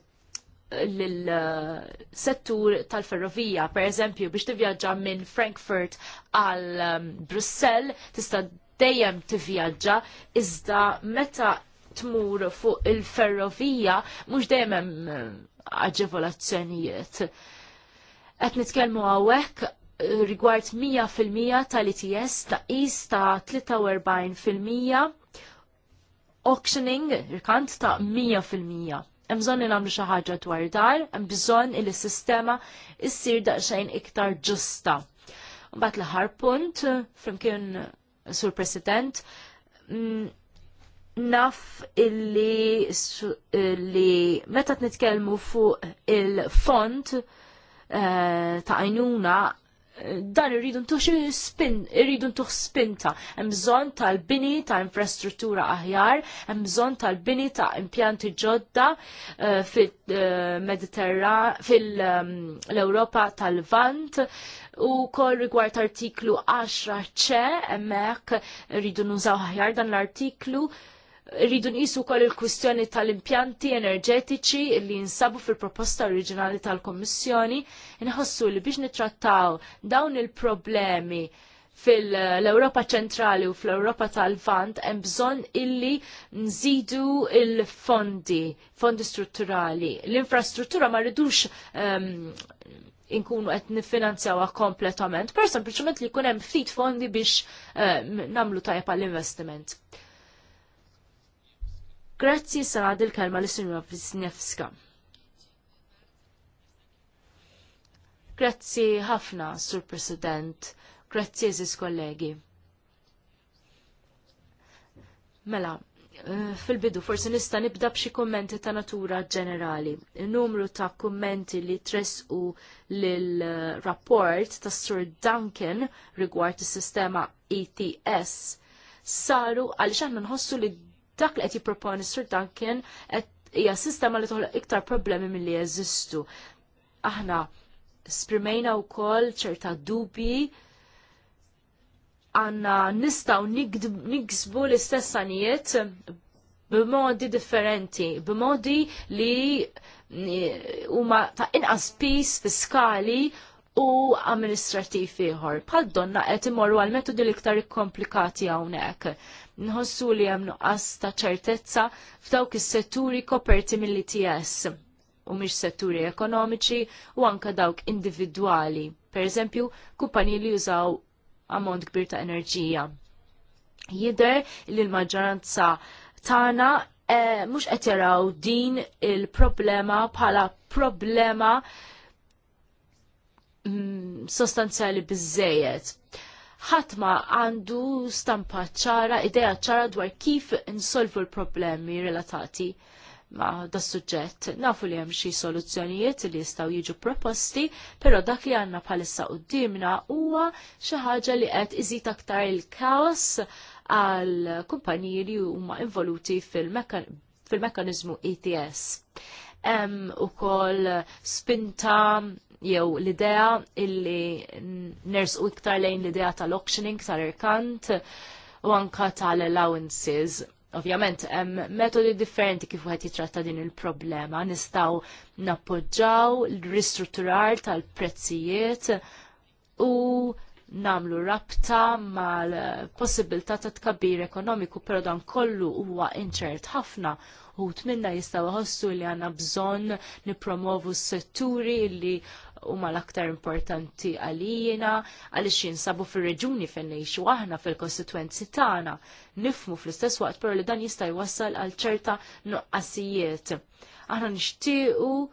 Speaker 3: tal-ferrovija. Per eżempju, biex tivjaġġa minn Frankfurt għal um, Brussell, tista' dejjem tivjaġġa, iżda meta tmur fuq il-ferrovija, mhux dejjem um, aġevolazzjonijiet. Qed nitkellmu hawnhekk rigward 100% tal-ITS taqis ta' 43% auctioning rikant ta' 100%. Hemm bżonn li nagħmlu xi ħaġa dwar dar, hemm bżonn li s-sistema ssir daqsxejn iktar ġusta. Mbagħad l-aħħar punt flimkien Sur President, mm, naf illi li meta t-nitkelmu fuq il-font eh, ta' għajnuna dan irridu ntux spin, irridu ntuħ spinta. Hemm bżonn tal-bini ta' infrastruttura aħjar, hemm bżonn tal-bini ta' impjanti ġodda eh, eh, fil europa ehm, fil-Ewropa tal-Vant u kol rigward artiklu 10 ċe, hemmhekk irridu nużaw aħjar dan l-artiklu rridu nqisu wkoll il-kwistjoni tal-impjanti enerġetiċi li jinsabu fil-proposta oriġinali tal-Kommissjoni inħossu li biex nitrattaw dawn il-problemi fil-Europa ċentrali u fl-Europa tal-Vant hemm bżonn illi nżidu il-fondi, fondi strutturali. L-infrastruttura ma rridux um, inkunu qed nifinanzjawha kompletament, per sempliċement li jkun hemm ftit fondi biex um, namlu tajjeb għall-investiment. Grazzi sarad il-kelma li sinjura Wisniewska. Grazzi ħafna, Sur President. Grazzi eżis kollegi. Mela, eh, fil-bidu forsi nista' nibda b'xi kummenti ta' natura ġenerali. Il-numru ta' kummenti li u l rapport ta' Sir Duncan rigward is-sistema ETS saru għaliex aħna nħossu li dak li qed jipproponi Sir Duncan qed hija sistema li toħloq iktar problemi milli jeżistu. Aħna sprimejna wkoll ċerta dubi għanna nistaw niksbu l-istess anijiet b'modi differenti, b'modi li huma ta' inqas pis fiskali u amministrativ ieħor. Bħal donna qed imorru għal metodi l-iktar ikkomplikati hawnhekk nħossu li hemm nuqqas ta' ċertezza f'dawk is-setturi koperti mill-ITS u mhix setturi ekonomiċi u anke dawk individwali, pereżempju kumpaniji li jużaw ammont kbir ta' enerġija. Jidher li l-maġġoranza tagħna E, eh, mux qed jaraw din il-problema bħala problema, problema mm, sostanzjali bizzejet ħatma għandu stampa ċara, idea ċara dwar kif insolvu l-problemi relatati ma' da' suġġett. Nafu li hemm xi soluzzjonijiet li jistgħu jiġu proposti, però dak li għandna bħalissa qudiemna huwa xi ħaġa li qed iżid aktar il-kaos għal kumpaniji li huma involuti fil-mekkaniżmu fil e ETS. Hemm ukoll spinta jew l-idea illi nersqu iktar lejn l-idea tal-auctioning, tal-irkant u anka tal-allowances. Ovvjament, hemm metodi differenti kif wieħed jitratta din il-problema. Nistgħu nappoġġaw l-ristrutturar tal-prezzijiet u namlu rabta mal possibilità ta' tkabbir ekonomiku, pero dan kollu huwa inċert ħafna u tminna jistaw ħossu li għanna bżon nipromovu s-setturi li huma l-aktar importanti għalijina, għaliex jinsabu fir-reġuni fejn ngħixu aħna fil-kostituenzi tagħna. Nifmu fl-istess waqt però li dan jista' jwassal għal ċerta nuqqasijiet. Aħna nixtiequ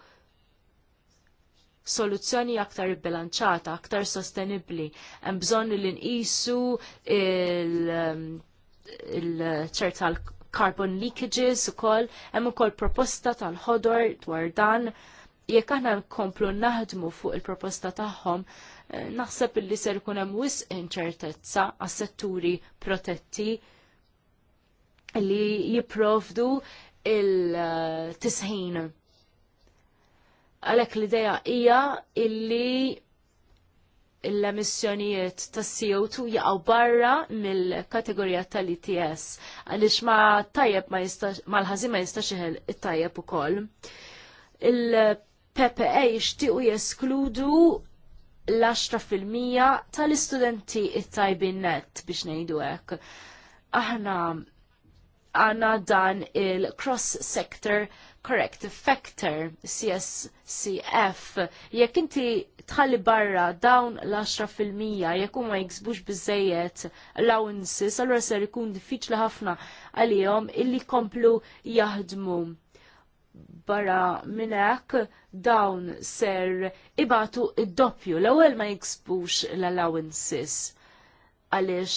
Speaker 3: soluzzjoni aktar bilanċata, aktar sostenibli. Hemm bżonn li nqisu il-ċerta il carbon leakages ukoll, hemm ukoll proposta tal-ħodor dwar dan jekk aħna nkomplu naħdmu fuq il-proposta tagħhom, eh, naħseb illi ser ikun hemm wisq inċertezza għas-setturi protetti li jipprovdu il-tisħin. Għalhekk l-idea hija illi l-emissjonijiet tas CO2 jaqgħu barra mill-kategorija tal-ITS għaliex ma tajjeb ma jistax ma l-ħażin ma jistax iħel it-tajjeb ukoll. PPE jixtiequ jeskludu l-10% tal-istudenti it-tajbin net biex ngħidu hekk. Aħna għandna dan il-cross sector corrective factor CSCF jekk inti tħalli barra dawn l-10% jekk huma jiksbux biżejjed allowances allura ser ikun diffiċli ħafna għalihom illi komplu jaħdmu barra minnek dawn ser ibatu id-doppju l-ewwel ma jiksbux l-allowances għaliex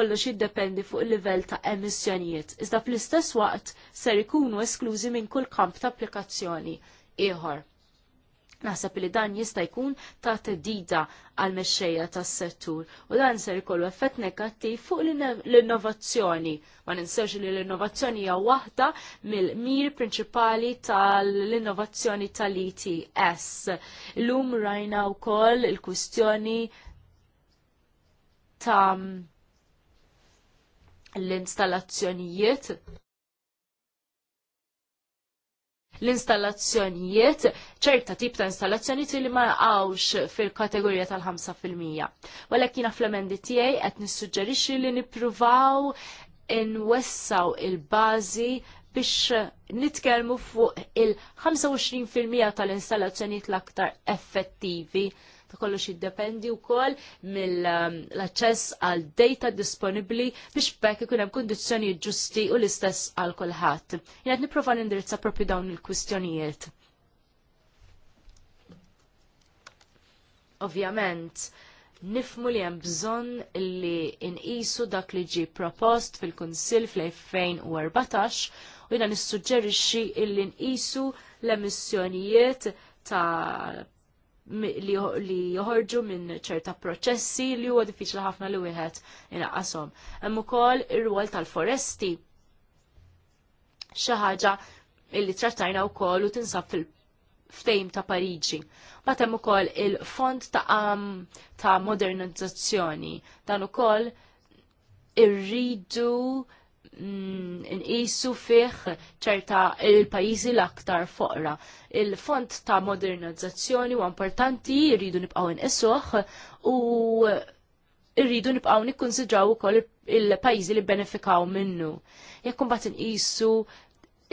Speaker 3: kollox jiddependi fuq il-livell ta' emissjonijiet. Iżda fl-istess waqt ser ikunu esklużi minn kull kamp ta' applikazzjoni ieħor. Naħseb li dan jista' jkun ta' tedida għal mexxejja tas-settur u dan ser ikollu effett negattiv fuq l-innovazzjoni. Ma ninsewx li l-innovazzjoni hija waħda mill mir prinċipali tal-innovazzjoni tal its Illum rajna wkoll il-kwistjoni ta' l-installazzjonijiet l-installazzjonijiet, ċerta tip ta' installazzjonijiet li ma għawx fil-kategorija tal-5%. Walek jina fl-emendi tijaj għet nissuġġerixi li nipruvaw n-wessaw il-bazi biex nitkelmu fuq il-25% tal-installazzjonijiet l-aktar effettivi ta' kollox jiddependi wkoll mill-aċċess għal data disponibbli biex bekk ikun hemm kundizzjoni ġusti u l-istess għal kulħadd. Jien qed nipprova nindirizza propri dawn il-kwistjonijiet. Ovvjament, nifmu li hemm bżonn li nqisu dak li ġie propost fil-Kunsill fl-2014 u jiena nissuġġerixxi li nqisu l-emissjonijiet ta' li joħorġu minn ċerta proċessi li huwa diffiċli ħafna li wieħed inaqqashom. Hemm ukoll ir-rwol tal-foresti xi ħaġa li trattajna wkoll u tinsab fil ftejm ta' Pariġi. Mbagħad hemm ukoll il-fond ta' ta' modernizzazzjoni dan ukoll irridu Mm, nqisu fih ċerta il-pajjiżi l-aktar foqra. Il-font ta' modernizzazzjoni huwa importanti, jridu nibqgħu inqisuh u rridu nibqgħu nikkunsidraw ukoll il-pajjiżi li benefikaw minnu. Jekk imbagħad inqisu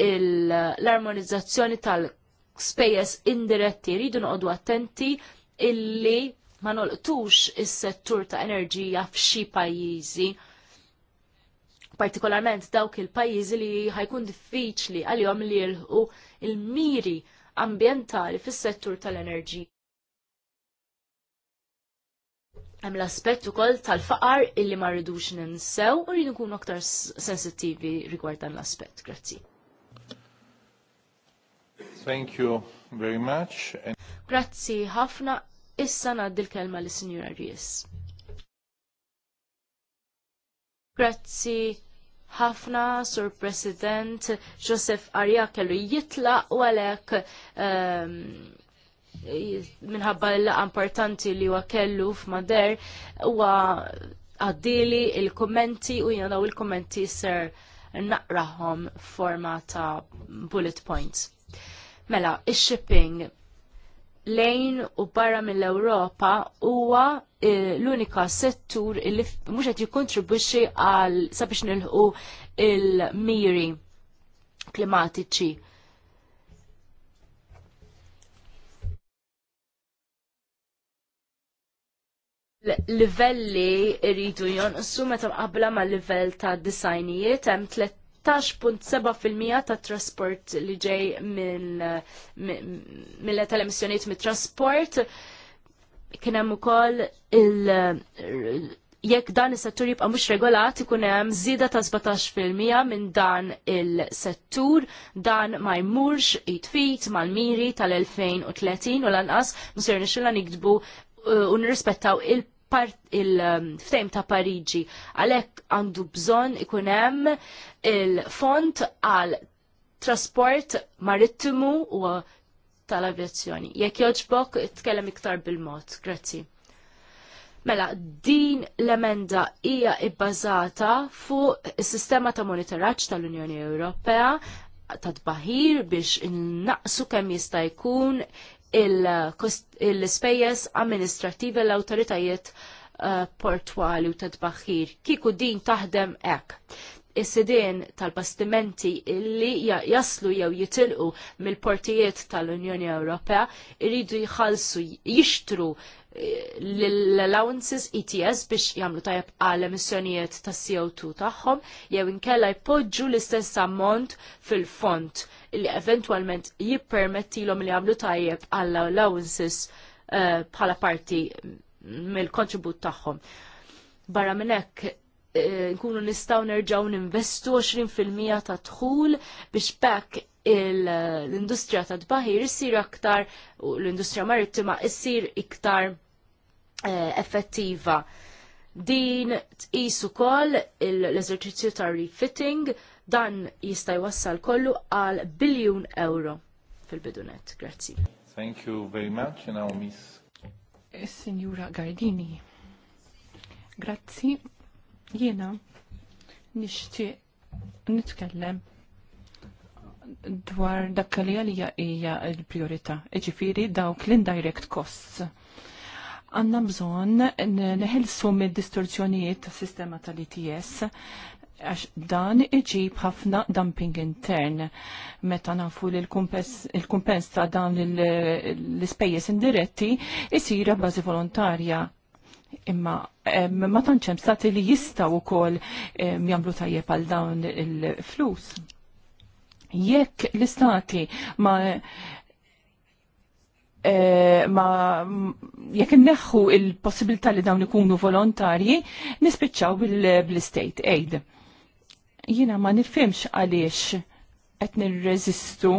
Speaker 3: l-armonizzazzjoni tal-spejjeż indiretti, jridu noqogħdu attenti illi ma nolqtux is-settur ta' enerġija f'xi pajjiżi partikolarment dawk il-pajjiżi li ħajkun diffiċli għalihom li jilħu il-miri ambjentali fis-settur tal-enerġija. Hemm l-aspett ukoll tal-faqar illi ma rridux ninsew u rridu nkunu aktar sensittivi rigward dan l-aspett. Grazzi.
Speaker 1: Thank you very much. And...
Speaker 3: Grazzi ħafna. Issa ngħaddi l-kelma lis sinjura Ries. Grazzi ħafna, Sur President, Joseph Arja kellu jitlaq u għalek um, minħabba l importanti li huwa kellu f'Mader huwa għaddili il-kommenti u jina daw il-kommenti ser naqraħom forma ta' bullet points. Mela, il shipping lejn u barra mill-Ewropa huwa eh, l-unika settur li mhux qed jikkontribwixxi għal sabiex nilħu il-miri klimatiċi. livelli rridu jonqsu meta mqabbla mal livell ta' disajnijiet hemm tliet 16.7% ta' trasport li ġej mill tal emissjonijiet mit-trasport kien hemm ukoll il jekk dan is-settur jibqa' mhux regolat ikun hemm żieda ta' 17% minn dan il-settur dan ma jmurx jitfit mal-miri tal-2030 u lanqas musir nixilla nikdbu uh, u nirrispettaw il il-ftejm um, ta' Pariġi għalhekk għandu bżonn ikun hemm il-font għal trasport marittimu u tal-avjazzjoni. Jekk joġbok tkellem iktar bil-mod. Grazzi. Mela, din l-emenda hija ibbażata fuq is-sistema ta' monitoraġġ tal-Unjoni Ewropea ta' tbaħir biex innaqsu kemm jista' jkun il-spejjeż amministrativi l-awtoritajiet eh, portwali u tadbaħħir. Kiku din taħdem hekk. Is-sidien tal-bastimenti li jaslu jew jitilqu mill-portijiet tal-Unjoni Ewropea iridu jħallsu jixtru l-allowances ETS biex jagħmlu tajjeb għal emissjonijiet ta' CO2 tagħhom jew inkella jpoġġu l-istess ammont fil-font li eventwalment jippermettilhom li jagħmlu tajjeb għall allowances eh, bħala parti mill-kontribut tagħhom. Barra minn hekk Eh, nkunu nistaw nerġaw ninvestu 20% ta' dħul biex pek l-industrija ta' dbaħir jissir aktar u l-industrija marittima jissir iktar eh, effettiva. Din tqis ukoll l-eżerċizzju ta' refitting dan jista' jwassal kollu għal biljun euro fil-bidunet. Grazzi.
Speaker 1: Thank you very much, and now Miss.
Speaker 3: Eh, Signora Gardini. Grazzi, Jiena
Speaker 4: nixtieq nitkellem dwar dakka li għalija hija l priorita iġifiri dawk l-indirect costs. Għanna bżon neħelsu mid-distorzjonijiet ta' sistema tal-ITS għax dan iġib ħafna dumping intern. Meta nafu li l-kumpens ta' dan l-ispejjeż indiretti isira bażi volontarja imma ma tantx hemm stati li u wkoll jamblu tajjeb għal dawn il-flus. Jekk l-istati ma e, ma jekk inneħħu il-possibilità li dawn ikunu volontarji, nispiċċaw bil-state aid. Jiena ma nifhimx għaliex qed nirreżistu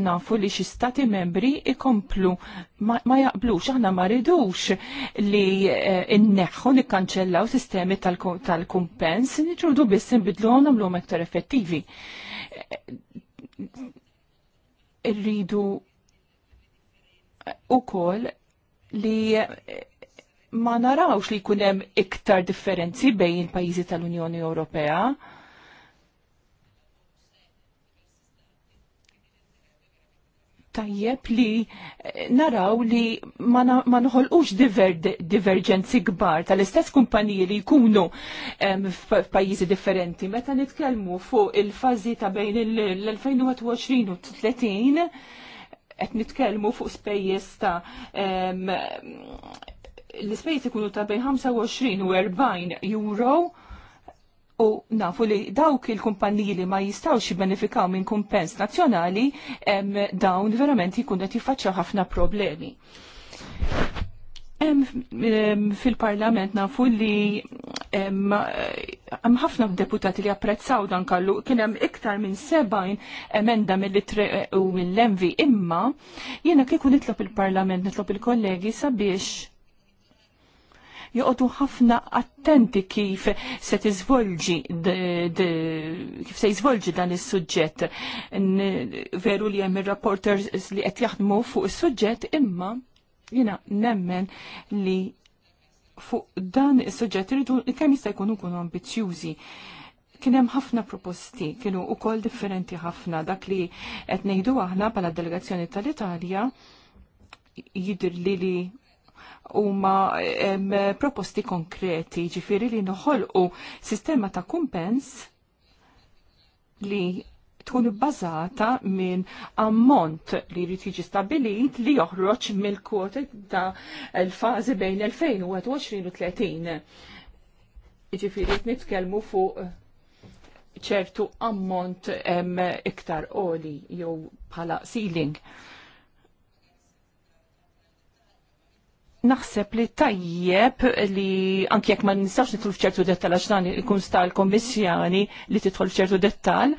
Speaker 4: nafu li xi stati membri ikomplu ma, jaqblux aħna ma ridux li eh, inneħħu nikkanċellaw sistemi tal-kumpens tal niġrudu biss nbidlu għandhom l aktar effettivi. Irridu ukoll li ma narawx li kunem iktar differenzi bejn pajjiżi tal-Unjoni Ewropea tajjeb li eh, naraw li ma nħolqux divergenzi kbar tal-istess kumpaniji li jkunu f'pajjiżi differenti. Meta nitkellmu fuq il-fażi ta' bejn l 2020 u 30 qed nitkellmu fuq spejjeż ta' l-ispejjeż ikunu ta' bejn 25 u 40 euro U nafu li dawk il-kumpanniji li ma jistawx jibbenefikaw minn kumpens nazzjonali dawn verament jikun qed jiffaċċja ħafna problemi. Fil-parlament nafu li hemm ħafna deputati li apprezzaw dan kallu kien hemm iktar minn sebgħin emenda u mill-envi imma jiena kieku nitlob il-parlament nitlob il-kollegi sabiex joqogħdu ħafna attenti kif se tiżvolġi kif se jiżvolġi dan is-suġġett. Veru li hemm ir-rapporters li qed jaħdmu fuq is-suġġett imma jina nemmen li fuq dan is-suġġett irridu kemm jista' jkunu kunu ambizzjużi. Kien hemm ħafna proposti, kienu wkoll differenti ħafna dak li qed ngħidu aħna bħala delegazzjoni tal-Italja jidir li li huma proposti konkreti, ġifiri li noħolqu sistema ta' kumpens li tkun bbażata minn ammont li jrid jiġi stabilit li joħroġ mill-kwoti ta' l-fażi bejn 2021 u 30. Ġifiri nitkellmu fuq ċertu ammont iktar oli jew bħala ceiling naħseb li tajjeb li anki jekk ma nistax nitlu f'ċertu dettal għax dan ikun sta l-kommissjani li tidħol f'ċertu dettal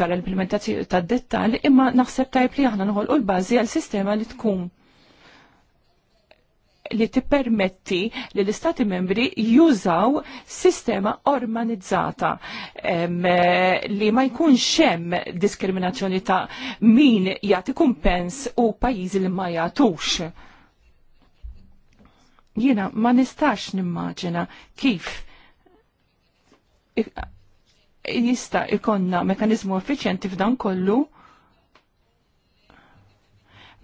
Speaker 4: tal-implementazzjoni tad-dettal, imma naħseb tajjeb li aħna noħolqu l-bażi għal sistema li tkun li tippermetti li l-Istati membri jużaw sistema organizzata li ma jkunx hemm diskriminazzjoni ta' min jagħti kumpens u pajjiżi li ma jagħtux Jiena ma nistax nimmaġina kif jista ikonna mekanizmu effiċjenti f'dan kollu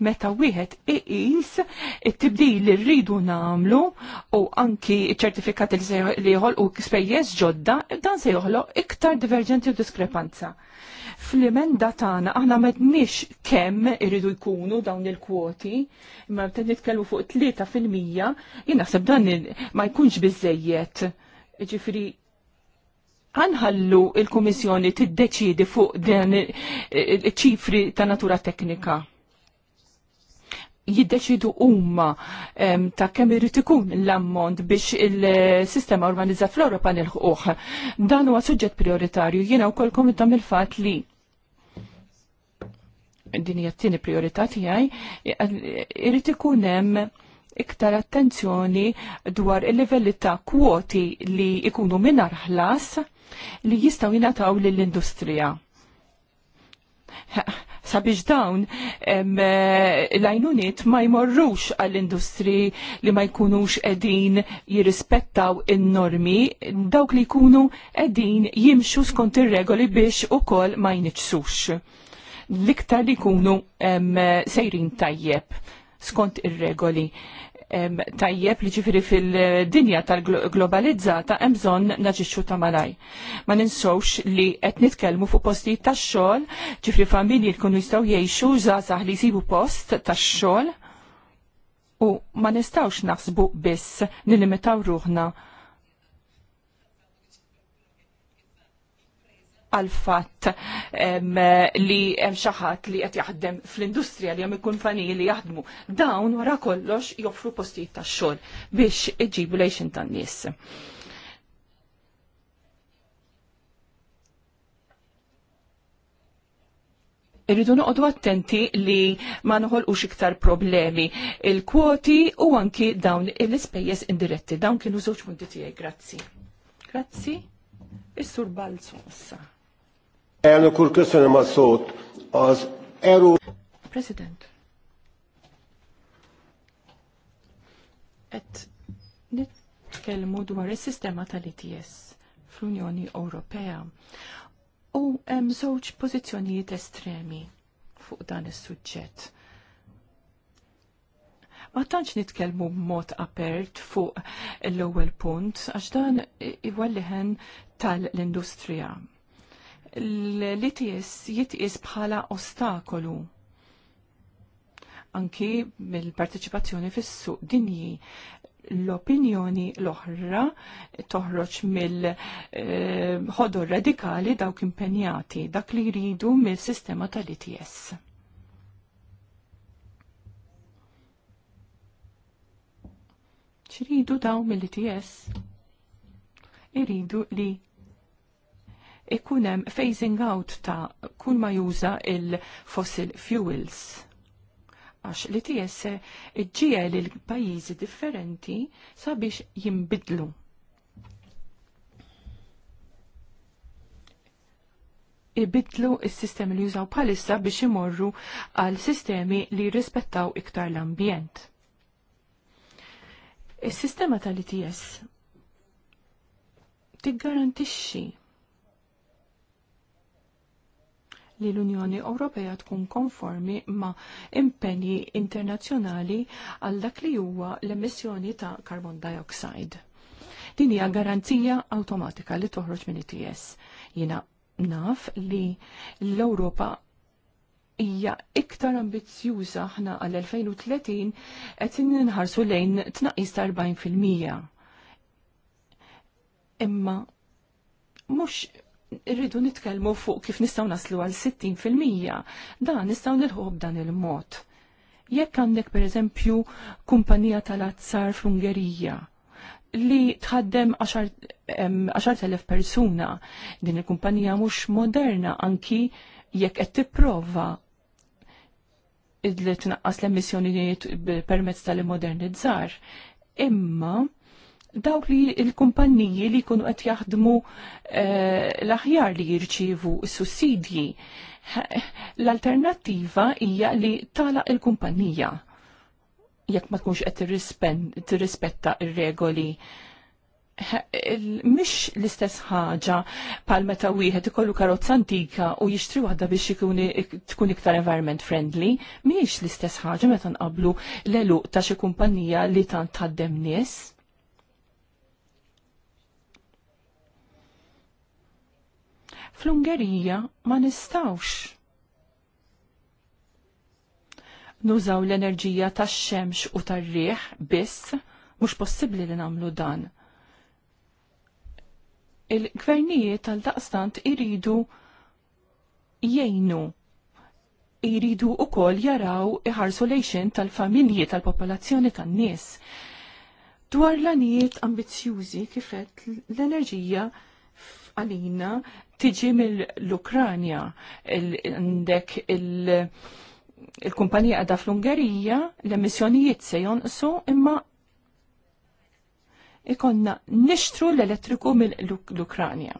Speaker 4: meta wieħed iqis it-tibdil li rridu nagħmlu u anki ċ-ċertifikat li jħolqu spejjeż ġodda, dan se joħloq iktar diverġenti u diskrepanza. Fl-emenda tagħna aħna m'għedniex kemm iridu jkunu dawn il-kwoti, imma qed nitkellmu fuq 3% jien naħseb dan ma jkunx biżejjed. Ġifri għanħallu il-Kummissjoni tiddeċidi fuq dan iċ-ċifri ta' natura teknika jiddeċidu umma ta' kemm irid ikun l-ammont biex il-sistema urbanizzat fl-Ewropa nilħuq. Dan huwa suġġett prioritarju jiena wkoll komitam il-fatt li din hija t-tieni priorità tiegħi irid ikun hemm iktar attenzjoni dwar il-livelli ta' kwoti li ikunu minar ħlas li jistaw jingħataw lill-industrija sabiex dawn eh, l ajnuniet ma jmorrux għall-industri li ma jkunux edin jirrispettaw il-normi, dawk li jkunu edin jimxu skont ir-regoli biex u kol ma jniċsux. L-iktar li jkunu sejrin tajjeb skont ir-regoli tajjeb li ġifiri fil-dinja tal-globalizzata hemm bżonn naġixxu ta' malaj. Ma ninsowx li qed nitkellmu fuq postijiet tax-xogħol, ġifri familji jkunu jistgħu jgħixu żgħażagħ li jsibu post tax-xogħol u ma nistgħux naħsbu biss nilimitaw ruħna għal fatt li hemm xi ħadd li qed jaħdem fl-industrija li hemm ikun faniji li jaħdmu. Dawn wara kollox joffru postijiet tax-xogħol biex iġibu lejxin tan-nies. irridu noqdu attenti li ma noħolqux iktar problemi. Il-kwoti u anki dawn il ispejjeż indiretti. Dawn kienu żewġ punti tiegħi, grazzi. Grazzi. Is-sur Balzu issa.
Speaker 1: Elnök úr, köszönöm a szót. Az Euró... President.
Speaker 4: Et nitkellmu dwar is-sistema tal-ITS fl-Unjoni Ewropea u hemm żewġ pożizzjonijiet estremi fuq dan is-suġġett. Ma tantx nitkellmu b'mod apert fuq l-ewwel punt għax dan iwalliħen tal-industrija l-ITS jitqis bħala ostakolu anki mill-parteċipazzjoni fis-suq dinji l-opinjoni l-oħra toħroġ mill-ħodor eh, radikali dawk impenjati dak li jridu mill-sistema tal-ITS. ċridu daw mill-ITS? Iridu li ikun hemm phasing out ta' kun ma juża il-fossil fuels. Għax li tiesse iġġiel il-pajjiżi differenti sabiex jimbidlu. ibidlu il-sistemi li jużaw bħalissa biex imorru għal sistemi li rispettaw iktar l-ambjent. Is-sistema tal-ITS tiggarantixxi li l-Unjoni Ewropea tkun konformi ma' impenji internazzjonali għal dak li huwa l-emissjoni ta' carbon dioxide. Din hija garanzija awtomatika li toħroġ minn ITS. Jiena naf li l-Ewropa hija iktar ambizzjuża aħna għal-2030 qed ninħarsu lejn tnaqqis ta' 40 fil-mija. Imma mhux irridu nitkellmu fuq kif nistgħu naslu għal 60%. Dan nistgħu nilħob b'dan il-mod. Jekk għandek pereżempju kumpanija tal-azzar fl-Ungerija li tħaddem 10.000 persuna din il-kumpanija mhux moderna anki jekk qed tipprova li tnaqqas l emissjoni permezz tal-immodernizzar. Imma dawk li l-kumpanniji li jkunu qed jaħdmu eh, l-aħjar li jirċievu s-sussidji. L-alternattiva hija li tala il-kumpanija jekk ma tkunx qed tirrispetta ir-regoli mish l-istess ħaġa pal meta wieħed ikollu karozza antika u jixtri waħda biex tkun iktar environment friendly, mhix l-istess ħaġa meta nqablu l-eluq ta' xi kumpanija li tant tgħaddem nies. Fl-Ungerija ma nistawx nużaw l-enerġija tax-xemx u tar-riħ biss, mhux possibbli li nagħmlu dan. Il-gvernijiet tal-daqstant iridu jgħinu iridu u kol jaraw iħarsu tal-familji tal-popolazzjoni tan-nies. Dwar l-anijiet ambizjużi kifet l-enerġija għalina tiġi mill-Ukranja għandek il-kumpanija għadha fl-Ungerija l-emissjonijiet se jonqsu imma ikonna nixtru l-elettriku mill-Ukranja.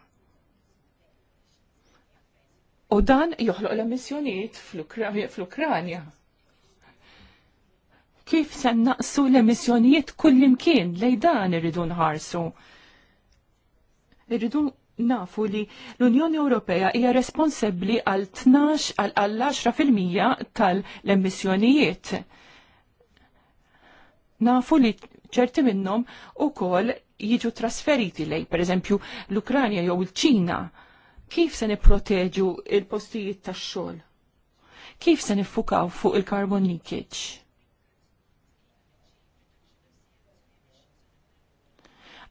Speaker 4: U dan joħloq l-emissjonijiet fl-Ukranja kif se naqsu l-emissjonijiet kullimkien li dan irridu nħarsu. Irridu nafu li l-Unjoni Ewropea hija responsabbli għal 12 għal 10% tal-emissjonijiet. Nafu li ċerti minnhom ukoll jiġu trasferiti lej, per eżempju, l-Ukranja jew il-Ċina. Kif se nipproteġu il-postijiet tax-xogħol? Kif se niffukaw fuq il-carbon leakage?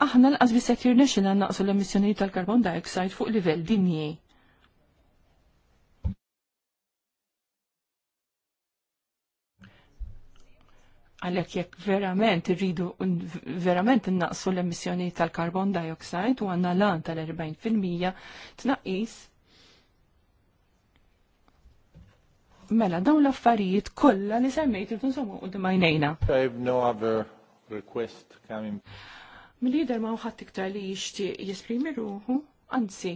Speaker 4: aħna l-qas bi sekir nexina naqsu l-emissjoni tal-carbon dioxide fuq livell dinji. għalek jekk verament rridu verament naqsu l-emissjoni tal-carbon dioxide u għanna lan tal-40% tnaqis mela dawn l-affarijiet kollha li semmejt irdu nsommu u
Speaker 1: d-majnejna. I have no other request coming.
Speaker 4: Mill-lider ma' uħat iktar li jixtieq jesprimi ruħu, anzi.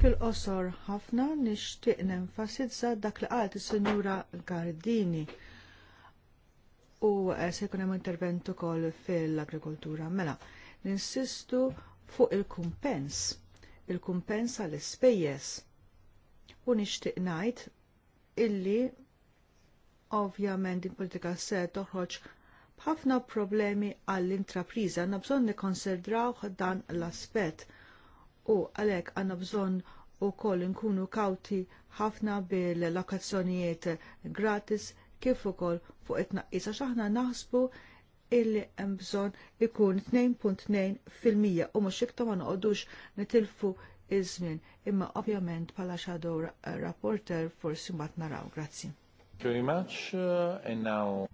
Speaker 2: Fil-qosor ħafna nixtieq nenfasizza dak li qalt is-Sinjura Gardini u eh, se jkun hemm intervent ukoll fil-agrikoltura. Mela, ninsistu fuq il-kumpens, il-kumpens għall-ispejjeż u nixtieq ngħid illi ovvjament il politika se toħroġ b'ħafna problemi għall-intrapriża għandna bżonn nikkonsidraw dan l-aspett u għalhekk għandna bżonn ukoll inkunu kawti ħafna bil-lokazzjonijiet gratis kif ukoll fuq it-tnaqqis għax aħna naħsbu illi hemm bżonn ikun 2.2 fil-mija u mhux iktar ma noqogħdux nitilfu iż-żmien, imma ovvjament bħala shadow rapporter forsi mbagħad naraw. Grazzi.
Speaker 1: Very much uh, and now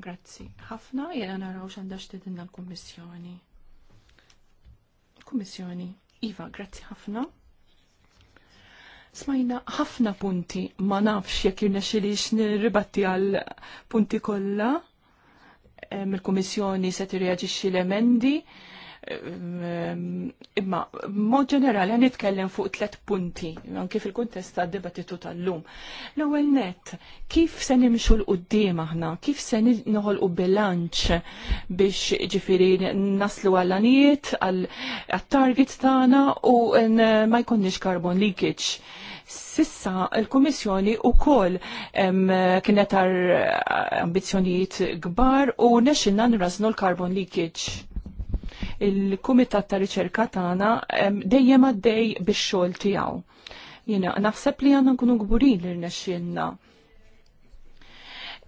Speaker 1: Grazzi.
Speaker 4: Ħafna jena naraw x'għandax tidinna l-Kummissjoni. Kummissjoni, Iva, grazzi ħafna. Smajna ħafna punti, ma nafx jekk jirnexilix nirribatti għal punti kollha. mill-Kummissjoni se tirreaġixxi l-emendi. Imma, mod ġenerali għan itkellem fuq tlet punti, anki fil-kuntest ta' dibattitu tal-lum. L-ewwel net, kif se nimxu l-qudiem aħna, kif se u bilanċ biex ġifiri naslu għall-anijiet, għall-target tagħna u ma jkunniex carbon leakage. Sissa il-Kummissjoni u koll kienet għar ambizjonijiet gbar u nexinna nraznu l-carbon leakage il-Kumitat ta' Riċerka tagħna dejjem għaddej bix-xogħol tiegħu. Jiena naħseb li għandna nkunu gburin li rnexxielna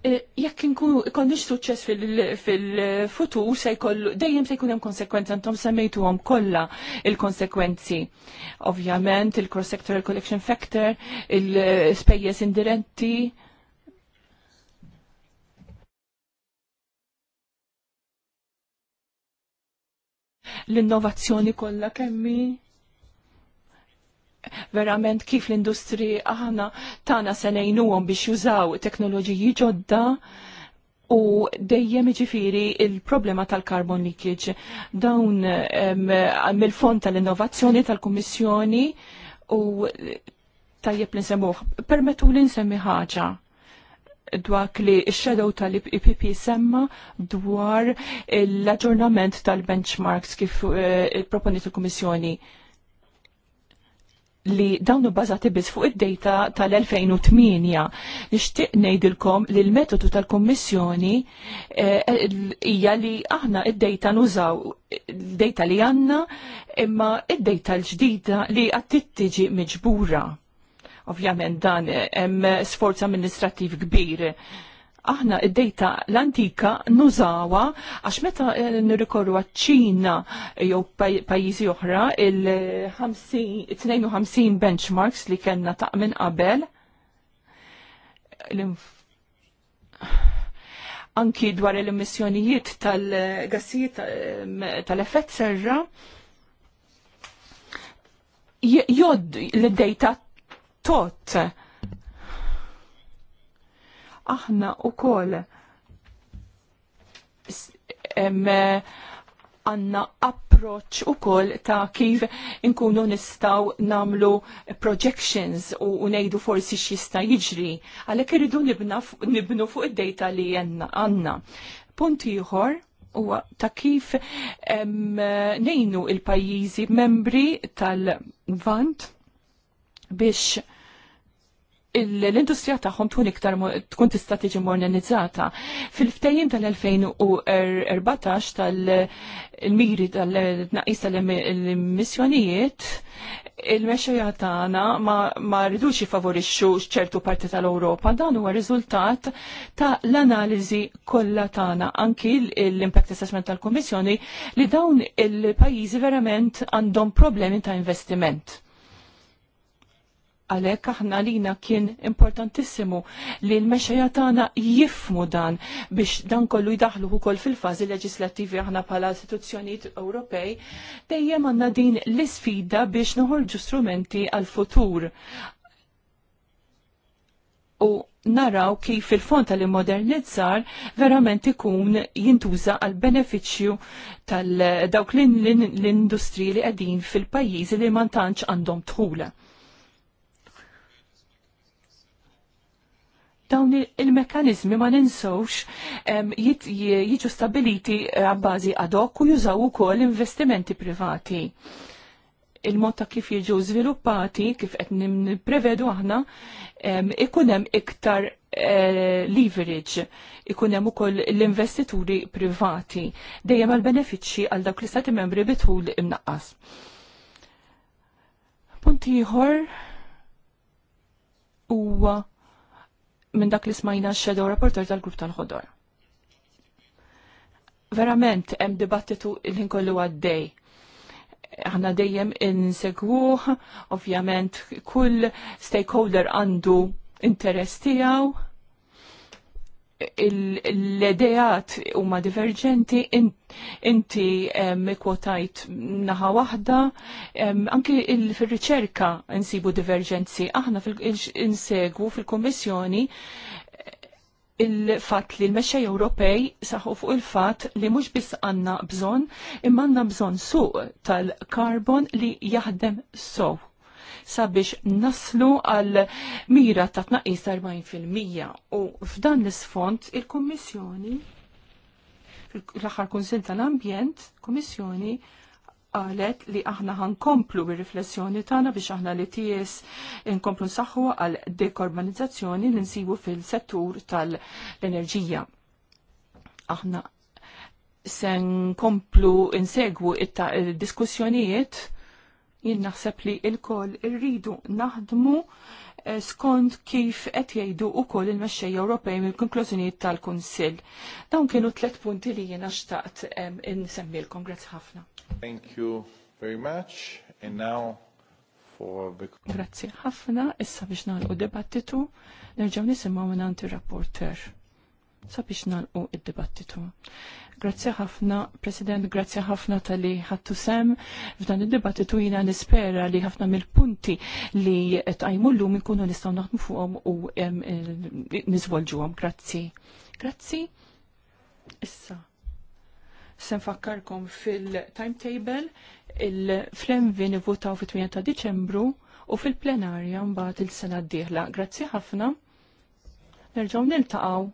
Speaker 4: e, jekk inkunu ikonniex suċċess fil-futur se jkollu dejjem se jkun hemm konsekwenzi intom semmejtuhom kollha il-konsekwenzi. Ovvjament il-cross sectoral collection factor, il-spejjeż indiretti, l-innovazzjoni kollha kemmi verament kif l-industri aħna tana senejnuhom biex jużaw teknoloġiji ġodda u dejjem ġifiri il-problema tal-carbon leakage. Dawn mill-fond tal-innovazzjoni tal-Kummissjoni u tajjeb li nsemmuh. Permettu li nsemmi ħaġa dwak li x-shadow tal-IPP semma dwar l-aġġornament tal-benchmarks kif eh, proponiet il-Kummissjoni li dawnu bazati biss fuq id-data tal-2008. Nixtieq ngħidilkom li l-metodu tal-Kummissjoni eh, hija li aħna id-data nużaw id-data li għandna imma id-data l-ġdida li għad tiġi miġbura Ovvjament dan hemm sforz amministrattiv kbir. Aħna id-dejta l-antika nużawa għax meta eh, nirrikorru għat-ċina jew pajjiżi oħra il-52 benchmarks li kellna ta' minn qabel anki dwar l-emissjonijiet tal-gassijiet eh, tal-effett serra jod l-dejta tot. Aħna u kol għanna approċ u kol ta' kif inkunu nistaw namlu projections u nejdu forsi x'jista' jiġri, għalhekk irridu nibnu fuq id-data li għandna. Punt ieħor huwa ta' kif nejnu il-pajjiżi membri tal-Vant biex l-industrija tagħhom tkun iktar tkun tista' tiġi modernizzata. Fil-ftehim tal-2014 tal-miri tal tnaqis tal-emissjonijiet il-mexxejja tagħna ma rridux jifavorixxu ċertu parti tal-Ewropa dan huwa riżultat ta' l-analiżi kollha tagħna anki l-impact assessment tal-Kummissjoni li dawn il-pajjiżi verament għandhom problemi ta' investiment għalek aħna lina kien importantissimu li l-mexxejja tagħna jifmu dan biex dan kollu jidaħlu ukoll fil-fażi leġislattivi aħna bħala istituzzjonijiet Ewropej dejjem għandna din l-isfida biex noħorġu strumenti għal-futur. U naraw kif il-fond tal-immodernizzar verament ikun jintuża għal beneficju tal-dawk l-industri li qegħdin fil-pajjiżi li ma għandhom tħula. dawn il-mekanizmi ma ninsawx jiġu stabiliti eh, għabbażi ad hoc u jużaw ukoll investimenti privati. Il-mod ta' kif jiġu żviluppati, kif qed nipprevedu aħna, ikun hemm iktar eh, leverage, ikun hemm ukoll l-investituri privati, dejjem għal benefiċċji għal dawk l-istati membri bitħul imnaqqas. Punt ieħor huwa minn dak li smajna x-shadow rapporter tal-grupp tal-ħodor. Verament, hemm dibattitu l kollu għaddej ħana dejjem in-segwuħ, ovvjament kull stakeholder għandu interess tiegħu l u huma diverġenti, inti mikwotajt naħa waħda, anki fil-riċerka nsibu divergenzi, Aħna insegu fil-Kommissjoni il-fat li l-mexxej Ewropej saħu fuq il-fat li mhux biss għandna bżonn, imma għandna bżonn suq tal-karbon li jaħdem sow sabiex naslu għal mira ta' tnaqis 40% u f'dan l-sfond il-Kummissjoni l-aħħar Kunsil tal-Ambjent, Kommissjoni qalet li aħna ħankomplu bir-riflessjoni tagħna biex aħna li ties nkomplu nsaħħu għal dekarbonizzazzjoni li nsibu fil-settur tal-enerġija. Aħna se nkomplu insegwu id-diskussjonijiet Jien naħseb li il-koll irridu naħdmu eh, skont kif qed jgħidu wkoll il-mexxej Ewropej mill-konklużjonijiet tal-Kunsill. Dawn kienu tliet punti li jiena xtaqt l-kongress ħafna.
Speaker 1: Thank you very much. And now for the...
Speaker 4: Grazzi ħafna, issa biex nagħlqu dibattitu, nerġgħu nisimgħu minn għandi rapporter sabiex nalqu id-dibattitu. Grazzi ħafna, President, grazzi ħafna tal-li ħattu sem f'dan id-dibattitu jina nispera li ħafna mill-punti li tqajmu l-lum nkunu nistaw naħdmu fuqhom u eh, nizwolġuhom. Grazzi. Grazzi. Issa. Sen fakkarkom fil-timetable il-flemvi nivvotaw fit-8 ta' Diċembru u fil-plenarja mbagħad il-sena d-dieħla. Grazzi ħafna. Nerġgħu niltaqgħu